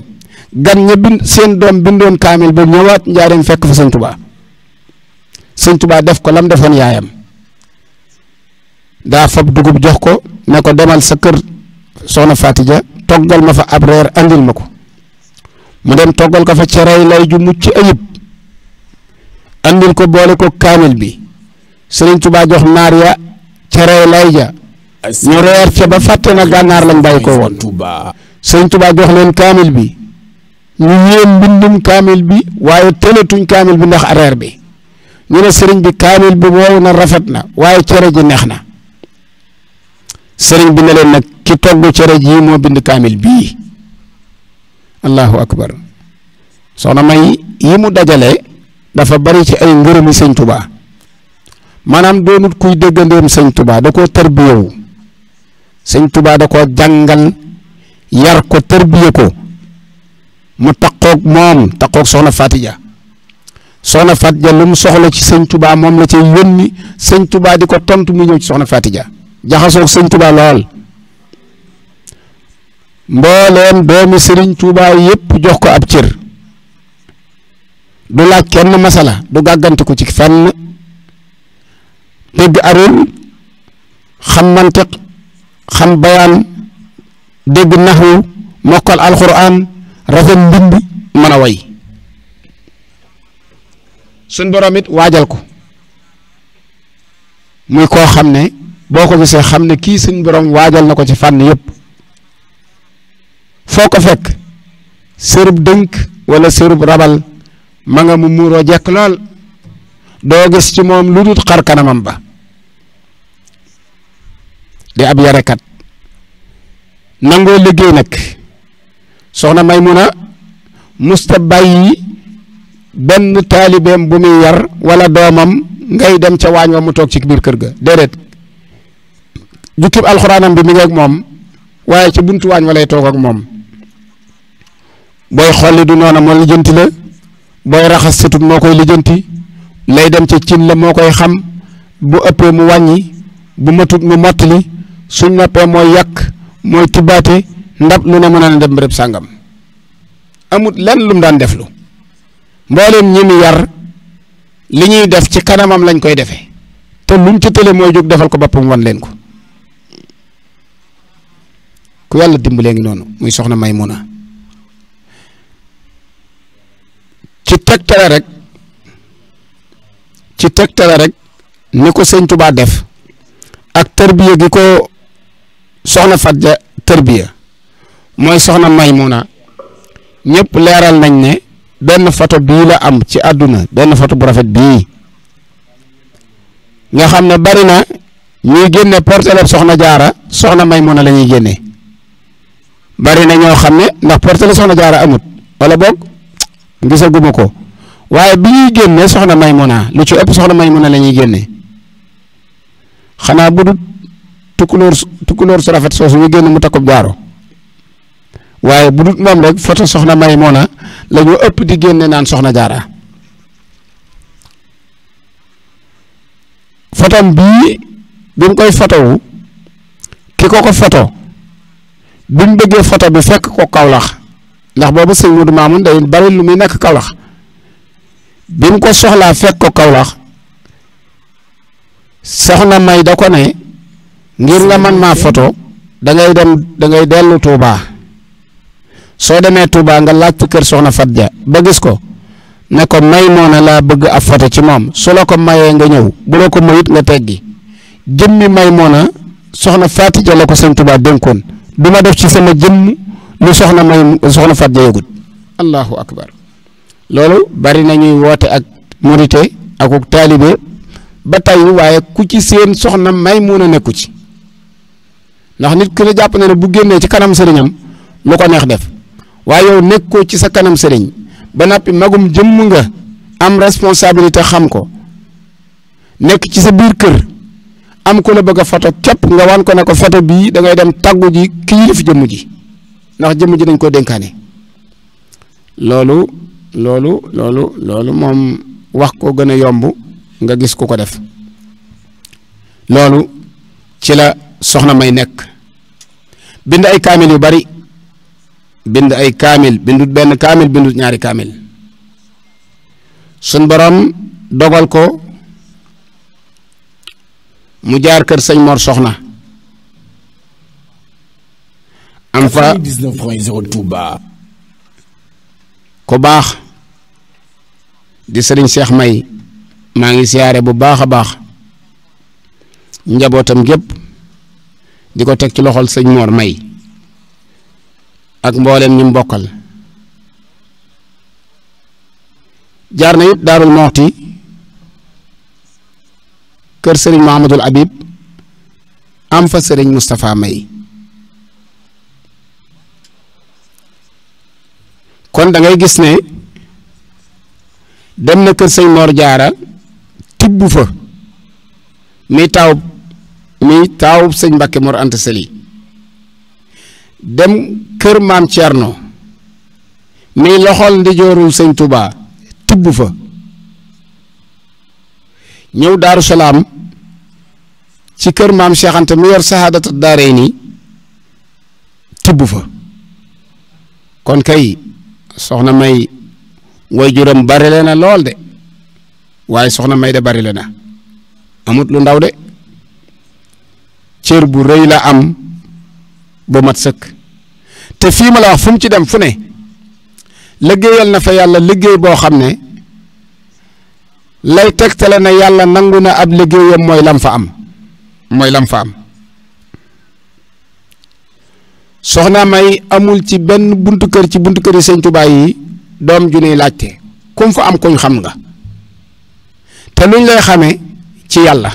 gan ña bind seen doom bindoon kaamil ba ñëwaat njaareem fekk fa sëñ Tuubaa sëñ Tuubaa def ko lam defoon yaayam daa fab dugub jox ko ne ko demal sa kër soxna Fatija toggal ma fa ab reer andil ma ko mu dem toggal ko fa cerey lay ju mucc ayib andil ko boole ko kaamil bi sëriñ tubaa jox naar ya cerey lay ja ñu reer ca ba fàtte na gànnaar lañ bàyyi ko woon sëriñ Tuubaa jox leen kaamil bi ñu yéem mbindum kaamil bi waaye tëlatuñ kaamil bi ndax areer bi ñu ne sëriñ bi kaamil bi wow na rafet na waaye cere ji neex na sëriñ bi ne nag ki togg cere ji moo bind kaamil bii allahu akbar na may yi mu dajale dafa bari ci ay ngërëmi sëñ tubaa maanaam doonut kuy déggandeem sëñ tubaa da koo tërbiyewu sëñ tubaa da koo jàngal yar ko tërbiye ko ma takkoog moom takkoog soxna Fatija soxna Fatija lu mu soxla ci sëñ Touba moom la ci yónni sëñ Touba di ko tontu mu ñëw ci soxna Fatija jaxasoog sëñ Touba lool mbooleem doomi sëriñ Touba yépp jox ko ab cër du laaj kenn masala du gàggante ko ci fenn dégg arul xam mantiq xam bayaan dégg naxwu mokkal alquran rafet mbind mën a way suñ borom waajal ko muy koo xam ne boo ko gisee xam ne kii suñ borom waajal na ko ci fànn yëpp foo ko fekk sërub dënk wala sërub rabal ma nga mu muuroo jekk lool doo gis ci moom lu dul xar kanamam ba di ab yarekat nangoo liggéey nag soxna Maymuna musta bàyyi benn taalibeem bu muy yar wala doomam ngay dem ca waañ wa mu toog ci biir kër ga déedéet jukkib alxuraanam bi mi ngi ak moom waaye ci buntu waañ walay toog ak moom booy xolli du noona moo lijjanti la booy raxas satut moo koy lijjanti lay dem ca cin la moo koy xam bu ëppee mu wàññi bu matut mu mottali suñ noppee mooy yàq mooy tibbaate ndab lu ne mën a dem bërëb sàngam amut lenn lu mu daan def lu mboolem ñi mu yar li ñuy def ci kanamam lañ koy defe te lum ci tële mooy jóg defal ko boppam wan leen ko ku yàlla dimbalee ngi noonu muy soxna may Maymuna ci tegtale rek ci tegtale rek ni ko sëñ Tuubaa def ak tërbiya gi ko soxna Faat Ja tërbiya mooy soxna Maymuna ñëpp leeral nañ ne benn photo bii la am ci àdduna benn photo bu rafet bii nga xam ne bari na ñuy génne portrait soxna jaara soxna Maymuna la lañuy génne bari na ñoo xam ne ndax portrait soxna jaara amut wala boog gisaguma ko waaye bi ñuy génne soxna Maymuna lu ci ëpp soxna Maymuna la ñuy génne xanaa bu dul tukkuloor tukkuloor su rafet soosu ñu génn mu takkub jaaro waaye bu dut moom rek foto soxna may la ñu ëpp di génne naan soxna jaara fotom bii bi mu koy fotowu ki ko ko foto bi mu bëggee foto bi fekk ko Kawlax ndax boobu sëñ Mudu Maamun day bari lu muy nekk Kawlax bi mu ko soxlaa fekk ko Kawlax soxna may da ko ne ngir nga man maa foto da ngay dem da dellu Tuubaa soo demee tuubaa nga laajte kër soxna Fat ja ba gis ko ne ko may moona laa bëgg ab foto ci moom su la ko mayee nga ñëw bu la ko mayut nga teggi jëmmi may moona soxna Fat Dia la ko sëñ Touba dénkoon du ma def ci sama jëmm lu soxna may soxna Fat Dia yëgut allahu akbar bari na woote ak murite akuk taalibe ba tey waaye ku ci seen soxna may moona nekku ci ndax nit ki la jàpp na ne bu génnee ci kanam sëriñam lu ko neex def waaye yow nekkoo ci sa kanam sëriñ ba nappi magum jëmm nga am responsabilité xam ko nekk ci sa biir kër am ku la bëgg a foto képp nga wan ko ne ko foto bii da ngay dem tàggu ji ki yilif jëmm ji ndax jëmm ji dañ ko dénkaane loolu loolu loolu loolu moom wax ko gën a yomb nga gis ku ko def loolu ci la soxna may nekk bind ay kaamil yu bari bind ay kaamil bindut benn kaamil bindut ñaari kaamil sun borom dogal ko mu jaar kër sëñ Mor Soxna am fa ku baax di sëriñ Seex May maa ngi siyaare bu baax a baax njabootam gépp di ko teg ci loxol sëñ Mor May ak mbooleem ñi mbokkal jaar na it daarul moxti kër sëriñ Mahamadul Habib am fa sëriñ Moustapha May kon dangay gis ne dem na kër sëñ Mor Jaara tibb fa mi taw mi taw sëñ Mbàkke Mor Anta Sali dem kër maam no mi loxol ndijoorul sëñ Touba tibb fa ñëw Daaru Salaam ci kër maam Cheikh Anta mi yor saxaadata daaree nii tibb fa kon kay soxna May waajuram bari le na lool de waaye soxna May de bari na amut lu ndaw de cër bu rëy la am. ba mat sëkk te fii ma la wax fu mu ci dem fu ne liggéeyal na fa yàlla liggéey boo xam ne lay tegtale na yàlla nangu na ab liggéeyam mooy lam fa am mooy lam fa am soxna may amul ci benn buntu kër ci buntu kër yi sëñ yi doom ju nuy laajte kum fa am kuñ xam nga te luñ lay xame ci yàlla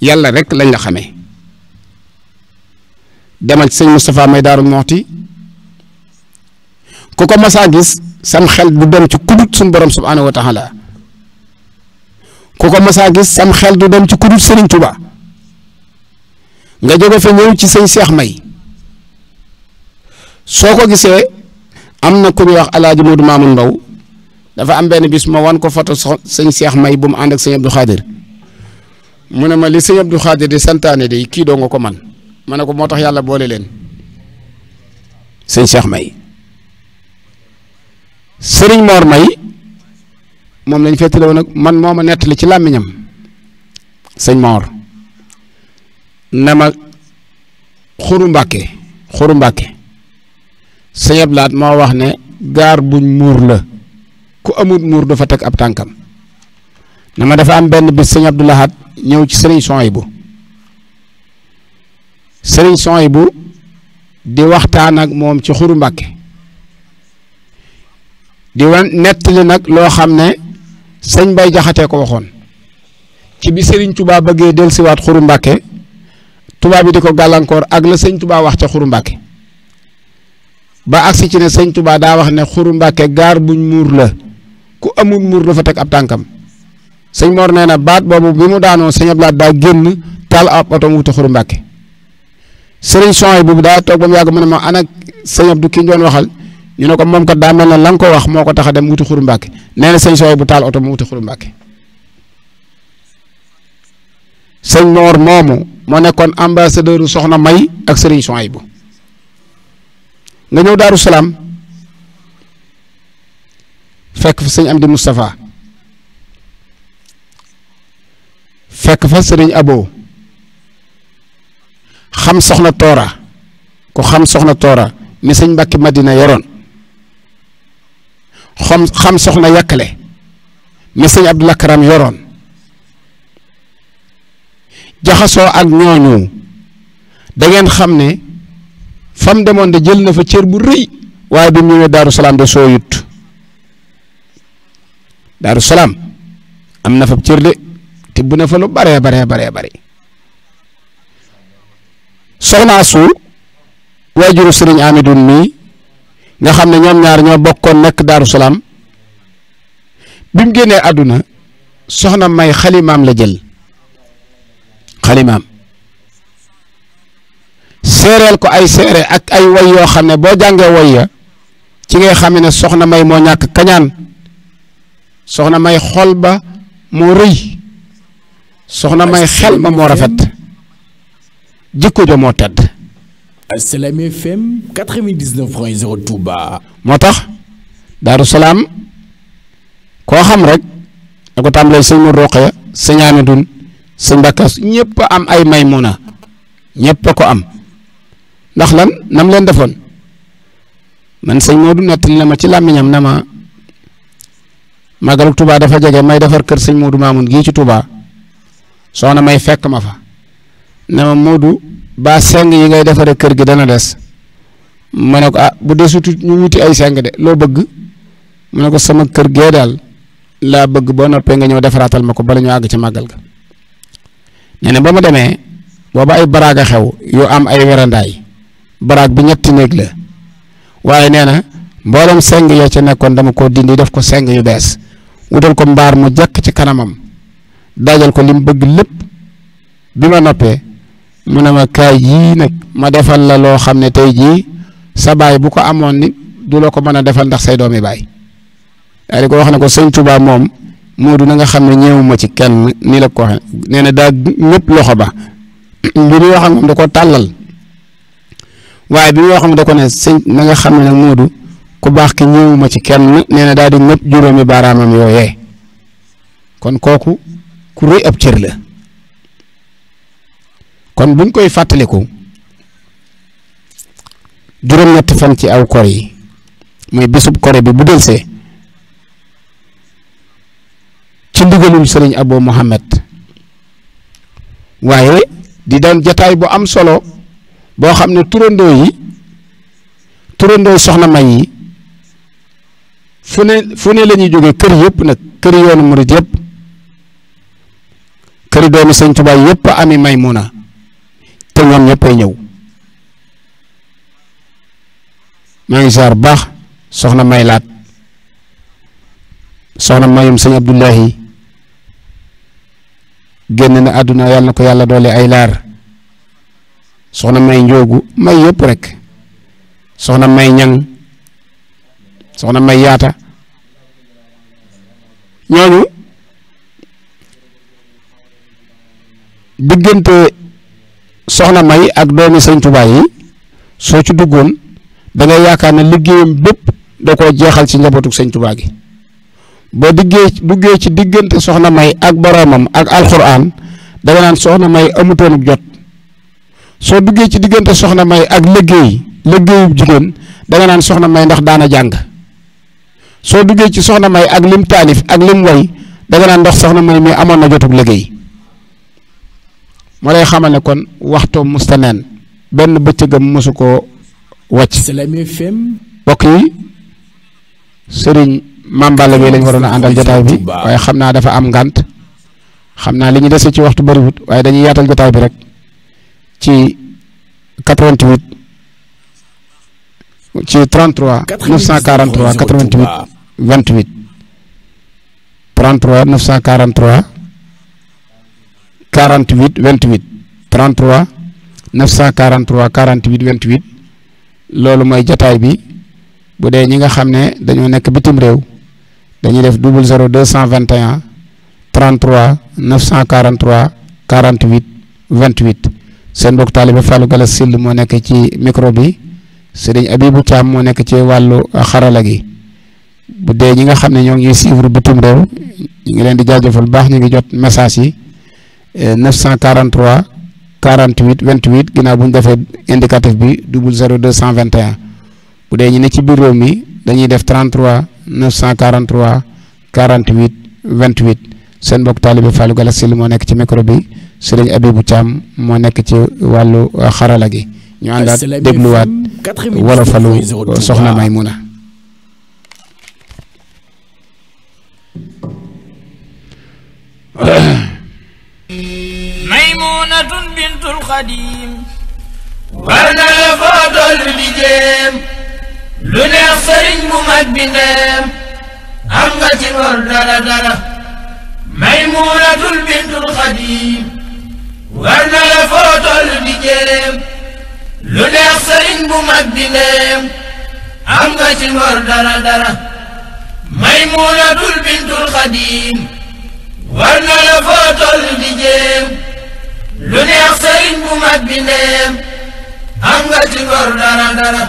yàlla rekk lañ la xame demal ci sëñ Moustapha may daarul moxti ku ko masaa gis sam xel du dem ci kudut suñu borom subhaanahu wa taala ku ko masaa gis sam xel du dem ci kudut Serigne Touba nga jóge fa ñëw ci sëñ Cheikh May soo ko gisee am na ku ñuy wax El Hadj Modou Mamoun Mbow dafa am benn bis ma wan ko foto sëñ Cheikh May bu mu ànd ak sëñ Abdou Khadir mu ne ma li sëñ Abdou Khadir di santaane de kii doo nga ko man ma ne ko moo tax yàlla boole leen sëñ Cheikh May sëriñ Mor May moom lañ fettale woon nag man moo ma nettali ci làmmiñam sëñ Mor ne ma xuru mbàkke xuru mbàkke sëñ Ablaat moo wax ne gaar buñ muur la ku amut muur dafa teg ab tànkam ne ma dafa am benn bis sëñ Abdou Lahad ñëw ci sëriñ Sohaybu sëriñ bu di waxtaan ak moom ci xuru Mbàkke di wan nettali nag loo xam ne sëñ Bay Jaxate ko waxoon ci bi sëriñ Touba bëggee dellusiwaat xuru Mbàkke tubaab bi di ko gàllankoor ak la sëñ tubaa wax ca xuru Mbàkke ba agsi ci ne sëñ Touba daa wax ne xuru Mbàkke gaar buñ muur la ku amul muur dafa teg ab tànkam sëñ moor nee na baat boobu bi mu daanoo sëñ Ablaat daa génn taal ab oto mu wuti xuru Mbàkke sëriñ son boobu daa toog ba mu yàgg mu ne ma ana sëñ Abdou ki ñu doon waxal ñu ne ko moom kat daa mel ne la ko wax moo ko taxa a dem wuti xuru mbàkke nee na sëñ son bu taal oto mu wuti xuru mbàkke sëñ Mor moomu moo nekkoon ambassadeur soxna May ak sëriñ son bu nga ñëw Daaru Salaam fekk sëñ Amdi Moustapha fekk fa sëriñ Abo xam soxna toora ko xam soxna toora mi sëñ Mbàkke Madina yoroon xam xam soxna yàkkale mi sëñ Abdul Akram yoroon jaxasoo ak ñooñu da ngeen xam ne fam demoon de jël na fa cër bu rëy waaye bi mu ñëwee Daaru Salaam de sooyut Daaru Salaam am na fa cër de tibb na fa lu baree baree baree soxnaa su waajuru sëriñ Amidun mii nga xam ne ñoom ñaar ñoo bokkoon nekk Daaru Salaam bi mu génnee àdduna soxna may xalimaam la jël xalimaam seereel ko ay seere ak ay woy yoo xam ne boo jàngee woy ya ci ngay xame ne soxna may moo ñàkk kañaan soxna may xol ba moo rëy soxna may xel ma moo rafet jikko ja moo tedd. Assalaamy FM 99.0 Touba. moo tax Daaru Salaam koo xam rek da ko tàmbalee sëñ Mourou Roqe sëñ Amidun sëñ Bakkas ñëpp a am ay may ñëpp a ko am ndax lan nam leen defoon man sëñ Modou nettali na ma ci làmmiñam na ma màggalu tubaa dafa jege may defar kër sëñ Modou Mamoun gi ci Touba soxna may fekk ma fa. ne ma ba seng yi ngay defaree kër gi dana des ma ne ko ah bu desut ñu wuti ay seng de loo bëgg mu ne ko sama kër gee daal laa bëgg boo noppee nga ñëw defaraatal ma ko bala ñu àgg ci màggal ga nee na ba ma demee booba ay baraag a xew yu am ay werandaay baraag bi ñetti néeg la waaye nee na mboolem seng yoo ci nekkoon dama koo dindi def ko seng yu bees wutal ko mbaar mu jekk ci kanamam dajal ko li mu bëgg lépp bi ma noppee. mu ne ma kaay jii nag ma defal la loo xam ne tey jii sa baay bu ko amoon ni du la ko mën a defal ndax say doomi baay yaa di ko wax ne ko sëñ Tuubaa moom Moodu na nga xam ne ñëwuma ci kenn nii la ko nee na daa ñëpp loxo ba bi muy wax ak ko tàllal waaye bi muy wax ak moom ko ne sëñ na nga xam ne nag ku baax ki ñëwuma ci kenn nee na daal di ñëpp juróomi baaraamam yooyee kon kooku ku ab cër la. kon buñ koy fàttaliku juróom-ñetti fan ci aw kor yi mooy bésub kore bi bu delsee ci ndigalul sëriñ Abo Mohamed waaye di doon jataay bu am solo boo xam ne turandoo yi turandoo soxna may yi fu ne fu ne la ñuy jóge kër yëpp nag kër yoonu murit yëpp kër doomi sëñ Tuubaa yëpp ami Maymuna te ñoom ñëppay ñëw maa ngi ziar baax soxna may laat soxna mayum sëñ Abdullahi génn na àdduna yàlla na ko yàlla doole ay laar soxna may njoogu may yépp rek soxna may ñang soxna may yaata ñooñu diggante soxna May ak doomi sëñ Tuubaa yi soo ci duggoon dangay yaakaar ne liggéeyam bépp da ko jeexal ci njabootu sañ Tuubaa boo diggee duggee ci diggante soxna May ak boroomam ak alxuraan da naan soxna May amutoon jot soo duggee ci diggante soxna May ak liggéey liggéeyub jigéen da naan soxna May ndax daana jàng soo duggee ci soxna May ak lim taalif ak lim way danga naan ndax soxna May mi amoon na jotub liggéey moo lay xamal ne kon waxtoom musta neen benn bëccëgam mosu koo wàcc mbokk yi sëriñ mambala bi lañ waroon a àndal jotaay bi waaye xam naa dafa am ngànt xam naa li ñu dese ci waxtu bëriwut waaye dañuy yaatal jotaay bi rek ci 88 ci 33 943 88 28 33 943 vingt 48 28 33 943 vingt 28 loolu mooy jataay bi bu dee ñi nga xam ne dañoo nekk bitim réew dañuy def double zéro deux cent vingt et un quarante 943 vingt 28 seen mbokk taalibe Fallou Galass Syll moo nekk ci micro bi Sëriñ Abibou caam moo nekk ci wàllu xarala gi bu dee ñi nga xam ne ñoo ngi suivre bitim réew ñu ngi leen di jaajëfal baax ñu ngi jot message yi. 943 48 28 ginnaaw bu ñu defee indicatif bi double 0 221 bu dee ñu ne ci biir réew mi dañuy def 33 943 48 28 seen mbokk taalibe Fallou Galass moo nekk ci micro bi Serigne bu Thiam moo nekk ci wàllu euh, xarala gi ñu àndaat dégluwaat wala falu soxna Maymuna euh, maymunatun bintul xadim war na la foo dollu di jéem lu neex sëriñ bu mag bi ndeem am nga ci ngor dara dara maymunatul bintul xadim war na la foo dollu di jéem lu neex sëriñ bu mag bi ndeem am nga ci ngor dara dara maymunatul bintul xadim war la foo toll di jéem lu neex bu mag bi ndeem am dara dara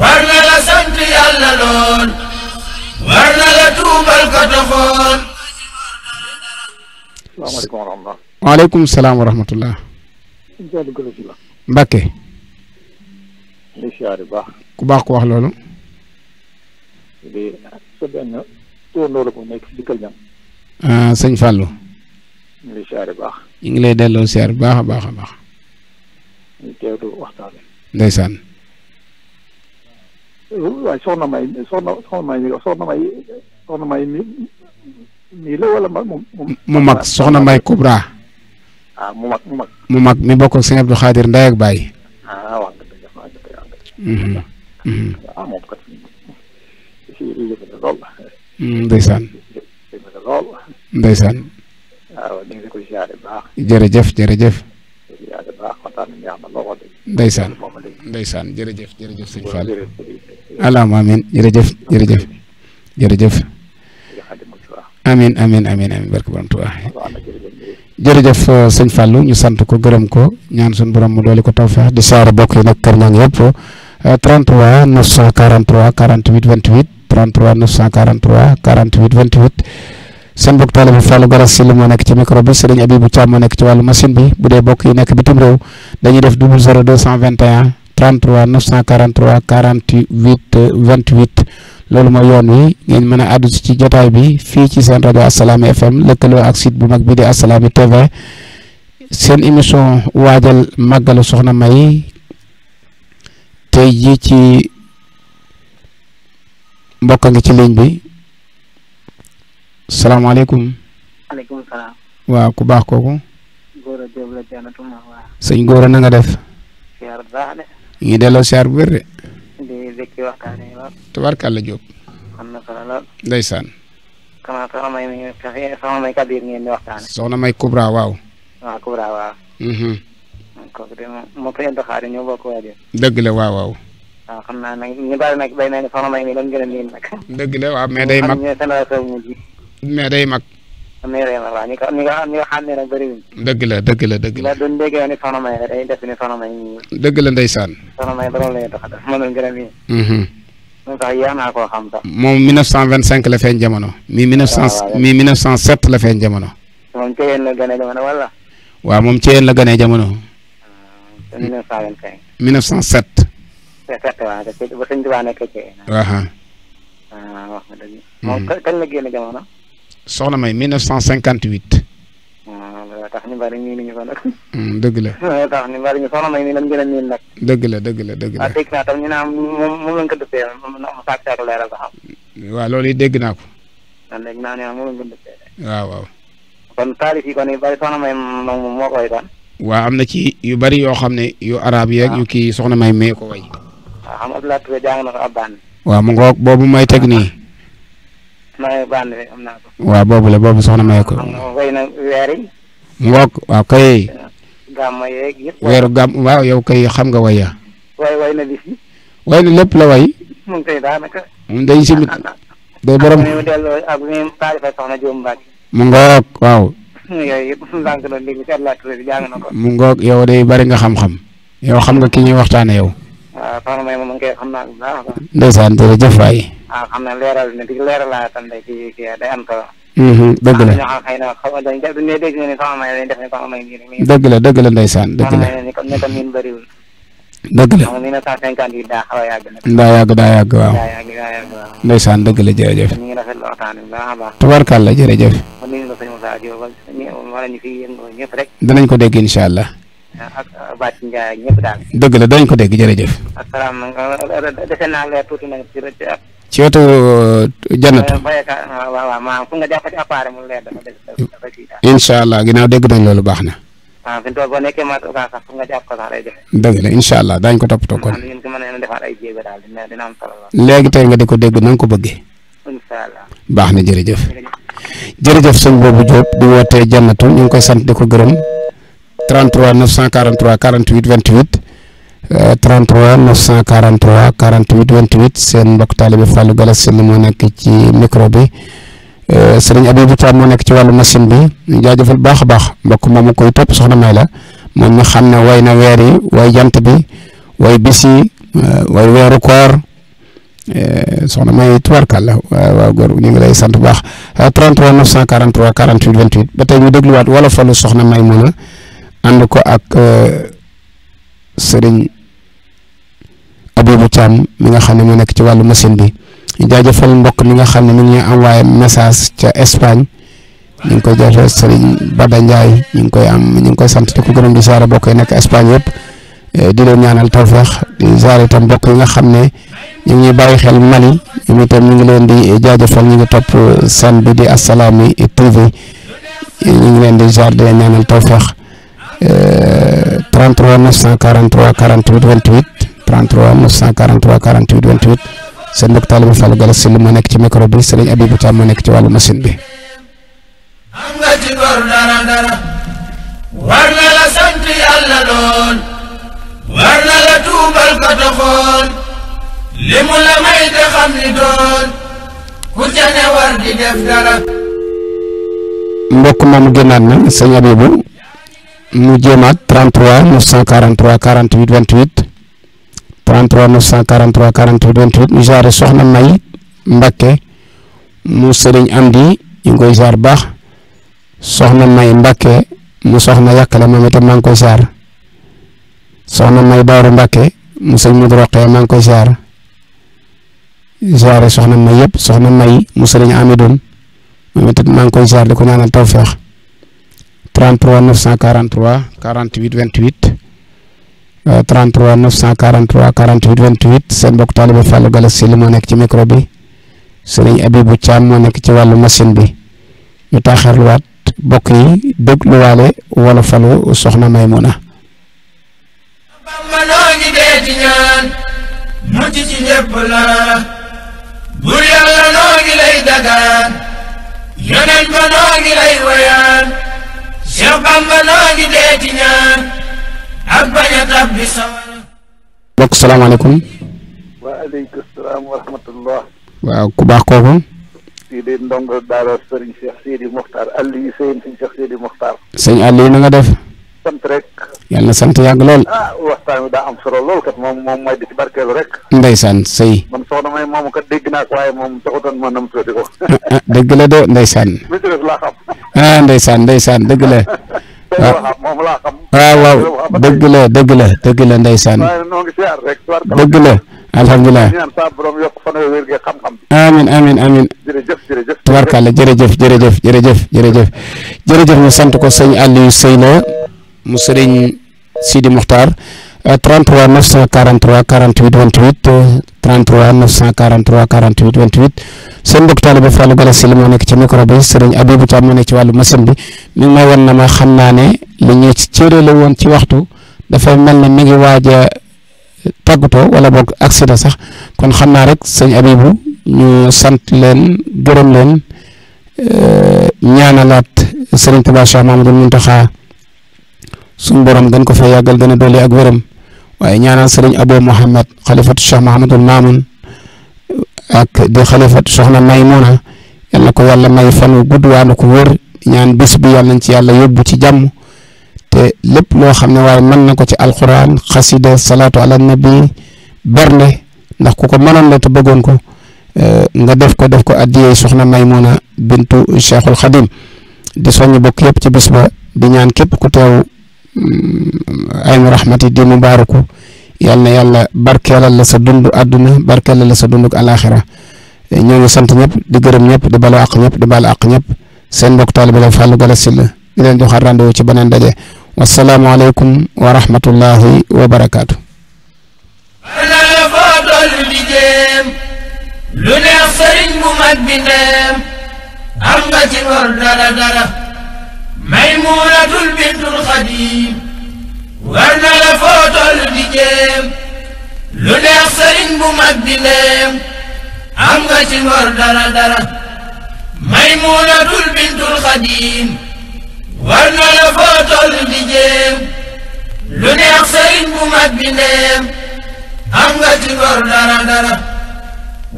war la sant yàlla lool war la tuubal ko tofoon salaamaaleykum salaam wa rahmatulah. Mbacke. sëñ Fallou. ñu ngi siyaare baax. lay delloo siyaar baax a baax a baax. ñu teewlu waxtaan bi. ndeysaan. waaye soxna May soxna soxna mu mag soxna May Kubra. mu mag mi bokk ak sëñ Abdou Khadir Ndeye ndeysaan. lool. ndeysaan. waaw ñu jërëjëf jërëjëf. ziare jërëjëf jërëjëf sëñ Fall. allahumma amiin jërëjëf jërëjëf amin amiin amiin amiin amiin barke borom jërëjëf euh, sëñ Fallou ñu sant ko gërëm ko ñaan sun borom mu doole ko tawfeex di saara bokk yi nag kër ñaan yëpp 33 943 48 28 33 943 48 28 seen bokk taalibe Fallou Galass Syll moo nekk ci micro bi Serigne Abibou Thiam moo nekk ci wàllu machine bi bu dee bokk yi nekk bitim réew dañuy def double zero deux cent vingt et un 33 943 48 28 loolu mooy yoon wi ngeen mën a àddu ci jotaay bi fii ci seen rajo Assalaamy FM lëkkaloo ak site bu mag bi di Assalaamy TV seen émission waajal màggalu soxna May tey jii ci mbokk ngi ci ligne bi salaamaaleykum. maaleykum salaam. ku baax kooku. Gora Diop la Jannatul def. siyaar bu baax de. ñu ngi delloo siyaar bu wér de. di dëkk waxtaanee lool. tabarkàlla Diop. am na solo lool. soxna May mi soxna May Kabir ngeen di waxtaanee. soxna May Kubra waaw. waaw Kubra waaw. Mhm. kooku de moom ñoo bokk waa Diop. dëgg la waaw waaw. waaw xam naa nag ñu bari nag day nañ a miin la waaw mais day mag. mais day mag. mais day mag waaw ñi ko ñi nga ñi nga xam ne nag bëriwul. dëgg la dëgg la dëgg la. ndax duñ déggee ni soxna May la day def ni soxna May. dëgg la ndeysaan. soxna May ba loolu la ñuy dox def ma doon gën a miin. Mhm. moom sax yaa naa koo xam sax. moom 1925 la feeñ jamono. mi 1900 ah, mi 1907 la feeñ jamono. moom ci yéen la gënee jamono wala. waaw moom ci yéen la gënee jamono. 1925. 1907. 1907 waaw ba sëñ Tuubaa nekk ci. waaw ah, wax nga dëgg. moom kañ la génn jamono. soxna May 1958. Ah, tax ñu bari ñu hmm, dëgg la. Ah, ñu bari ñu soxna May nii a dëgg la dëgg la dëgg la. waaw dégg naa ko dëppee moom mu saak waaw dégg naa ko. man naa ne moom waaw kon taalif kon yu bari soxna May moom moo ko way am na ci yu bari yoo xam ne yu arab yeeg yu kii soxna May mee ko way. Ah, waaw xam ko boobu may teg maye am naa boobu la boobu soxna maye ko. wéy na weer yi. weeru gàmm waaw yow kay xam nga way ya. way lépp la way. moom daanaka. day simit day borom mu delloo waaw. na si àll bi jàng na ko. mu ngoog yow day bari nga xam-xam. yow xam nga ki ñuy waxtaane yow. waaw ah, soxna May moom kay xam naa bu baax a baax. ndeysaan jërëjëf waay. waaw ah, xam naa leeral ne di leeral laa tam day ci kii mm-hmm, la waaw ah, na xaw ma dañ dëgg la dëgg la la soxna May ne ko miin bëriwul. dëgg la a yàgg dëgg la jërëjëf. ñu ngi rafetlu waxtaan bi baax a baax. tubarkàlla jërëjëf. dinañ ko dégg incha allah ak Abath dëgg la dañ ko dégg jërëjëf. asalaamaaleykum dese naa leer tuuti nag ci ci at. ci wetu uh, jannatu. Eh, waaw waaw maanaam fu nga jàpp dégg nañ loolu baax na. waaw ah, fi mu toll boo nekkee mat sax dëgg la incha allah dañ ko toppatoo kon. Ah, mën nañu defar ay jéego daal dina am solo. léegi tey nga di ko dégg na ko bëggee. baax na jërëjëf. jërëjëf sëñ boobu Diop di wootee jannatu ñu ngi koy sant di ko gërëm 33 943 48 28 euh, 33 943 48 28 seen mbokk taalibe Fallou Galass Syll moo nekk ci micro bi euh, sëriñ Abibou Thiam moo nekk ci wàllu machine bi jaajëfal baax a baax mbokk moomu koy topp soxna may la moom ma xam ne way na weer way jant bi way bisi yi euh, way weeru koor soxna may tubarkàlla waaw waaw góor ñu ngi lay sant bu baax 33 943 48 28 ba tey ñu dégluwaat wala falu soxna may mun ànd ko ak euh, sëriñ Abibou Thiam mi nga xam ne moo nekk ci wàllu machine bi jaajëfal mbokk mi nga xam ne mi ngi envoyé message ca Espagne ñu ngi koy jaajëfal sëriñ Bada ñu ngi koy am ñu ngi koy sant di ko gërëm di ziare mbokk yi nekk Espagne yëpp euh, di leen ñaanal tawfeex di yi nga xam ne ñu ngi bàyyi xel Mali ñoom itam ñu ngi leen di jaajëfal ñu ngi topp euh, seen bi di Assalaamy TV ñu ngi leen di ziare di leen ñaanal tawfeex 33 943 48 28 33 943 48 28 seen mbokk taalibu Fallou Galass Syll moo nekk ci micro bi Serigne Abibou Thiam moo nekk ci wàllu machine bi. am nga ci góor dara dara. war na la sant yàlla doon. war na la tuubal ko doxoon. li mu la may te xam ni doon. ku ca ne war di def dara. mbokk moom gënaat na sëñ Abibou. mu jéemaat 33 943 48 28 33 943 48 28 ñu jaare soxna May Mbakke mu sëriñ Amdi ñu ngi koy jaar baax soxna May Mbakke mu soxna yàkkale moom itam maa ngi koy jaar soxna May Daaru Mbakke mu sëriñ Modou Roqee a ngi koy jaar jaare soxna May yëpp soxna May mu sëriñ Amidoun moom itam maa ngi koy jaar di ko ñaanal tawfeex 33 943 48 28 euh, 33 943 48 28 seen mbokk taaliba Fallou Galass Syll moo nekk ci micro bi sëriñ Abibou Thiam moo nekk ci wàllu machine bi ñu taaxirluwaat bokk yi dégluwaale wala falu soxna Maymuna Bamba noo ngi dee di ñaan mucc ci ñépp la bur yàlla noo ngi lay dagaan yonent ba noo ngi lay wayaan Seex Bamba noo ngi dee ci ñaan ak bañ a tabbi sawara mbokk salaamaaleykum waaleykum salaam wa rahmatullah waaw ku baax kooku sii di ndongo daara sëriñ Cheikh Sidi Mokhtar Aliou sëriñ Cheikh Sidi Mokhtar sëñ Aliou na nga def sant rek. yàlla na sant yàgg lool. ah waxtaan wi daa am solo lool kat moom moom mooy di ci barkeelu rek. ndeysaan sëy. man soxna may moom ah, ah, dëgg la de ndeysaan. lu ci def laa xam. ah ndeysaan dëgg la. Ah. moom laa xam. waaw waaw dëgg la dëgg la dëgg la ndeysaan. waaye noo ngi siyaar rek. dëgg la. alhamdulilah ñaan sa borom yokk fan wér gi xam-xam. amiin sant ko sëñ Aliou Seyna. mu sëriñ Sidi Muxtaar 33 943 48 28 33 943 48 28 seen mbokk taalibe Fallou Galass Syll moo nekk ci micro bi sëriñ Abibou Thiam moo nekk ci wàllu machine bi mi ngi may wan na ma xam naa ne li ñu céréale woon ci waxtu dafay mel ne mi ngi waaj a tàggatoo wala boog accident sax kon xam naa rek sëñ Abibou ñu sant leen gërëm leen eh, ñaanalaat sëriñ Tuubaa Cheikh Mamadou Mountakha suñu borom dañ ko fa yàggal gën a dolli ak wéram waaye ñaanal sëriñ Abo Mouhamed xalifatu Cheikh Mouhamadul Mamoun ak di xalifatu soxna Maymuna yal na ko yàlla may fan wu gudd waanu ko wër ñaan bis bi yal nañ ci yàlla yóbbu ci jàmm te lépp loo xam ne waaye mën na ko ci alquran xasida salaatu ala nabi bernde ndax ku ko mënoon la te bëggoon ko eh, nga def ko def ko addiyee soxna Maymuna bintu Cheikhul Xadim di soññ bokk yëpp ci bis ba di ñaan képp ku teew. Mm, aynu rahmati di mubaaraku yal na yàlla barkeelal la sa dund àdduna barkeelal la sa dund alaaxira ñoo ngi sant ñëpp di gërëm ñëpp di bala àq ñépp di bala àq ñëpp seen mbokk taalibe la Fallou Galass Syll di leen joxaat rendez-vous ci beneen daje wasalaamualeykum wa rahmatullahi wa barakaatu. lu neex sëriñ bu mag bi ndeem am nga ci dara dara. maymuunatul bintul xadim war na la foo toll di jéem lu neex sëriñ bu mag bi neem am nga ci ngor dara dara maymuunatul bintul xadim war na la foo toll di jéem lu neex sëriñ bu mag bi neem am nga ci ngor dara dara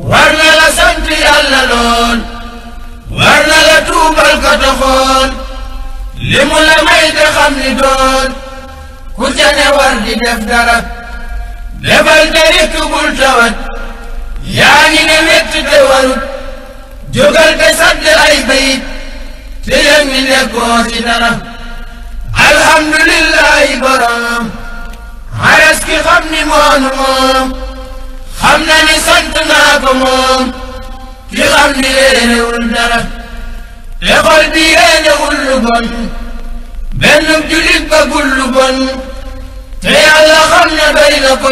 war na la sant yàlla lool war na la tuubal ko toxoon li mu la may te xam ni doon ku ca ne war di def dara defal te rikk bul tawat yaa ngi ne mett te warut jógal te sadd ay bayit te yëg ni nekkoo ci dara alhamdulillahi borom xares ki xam ni moonu moom xam na ni sant naa ko moom ki xam ni réerewul dara léxol bi yéenewul lu bon benn jullit ba gul lu bon te yàlla xam ne doy na ko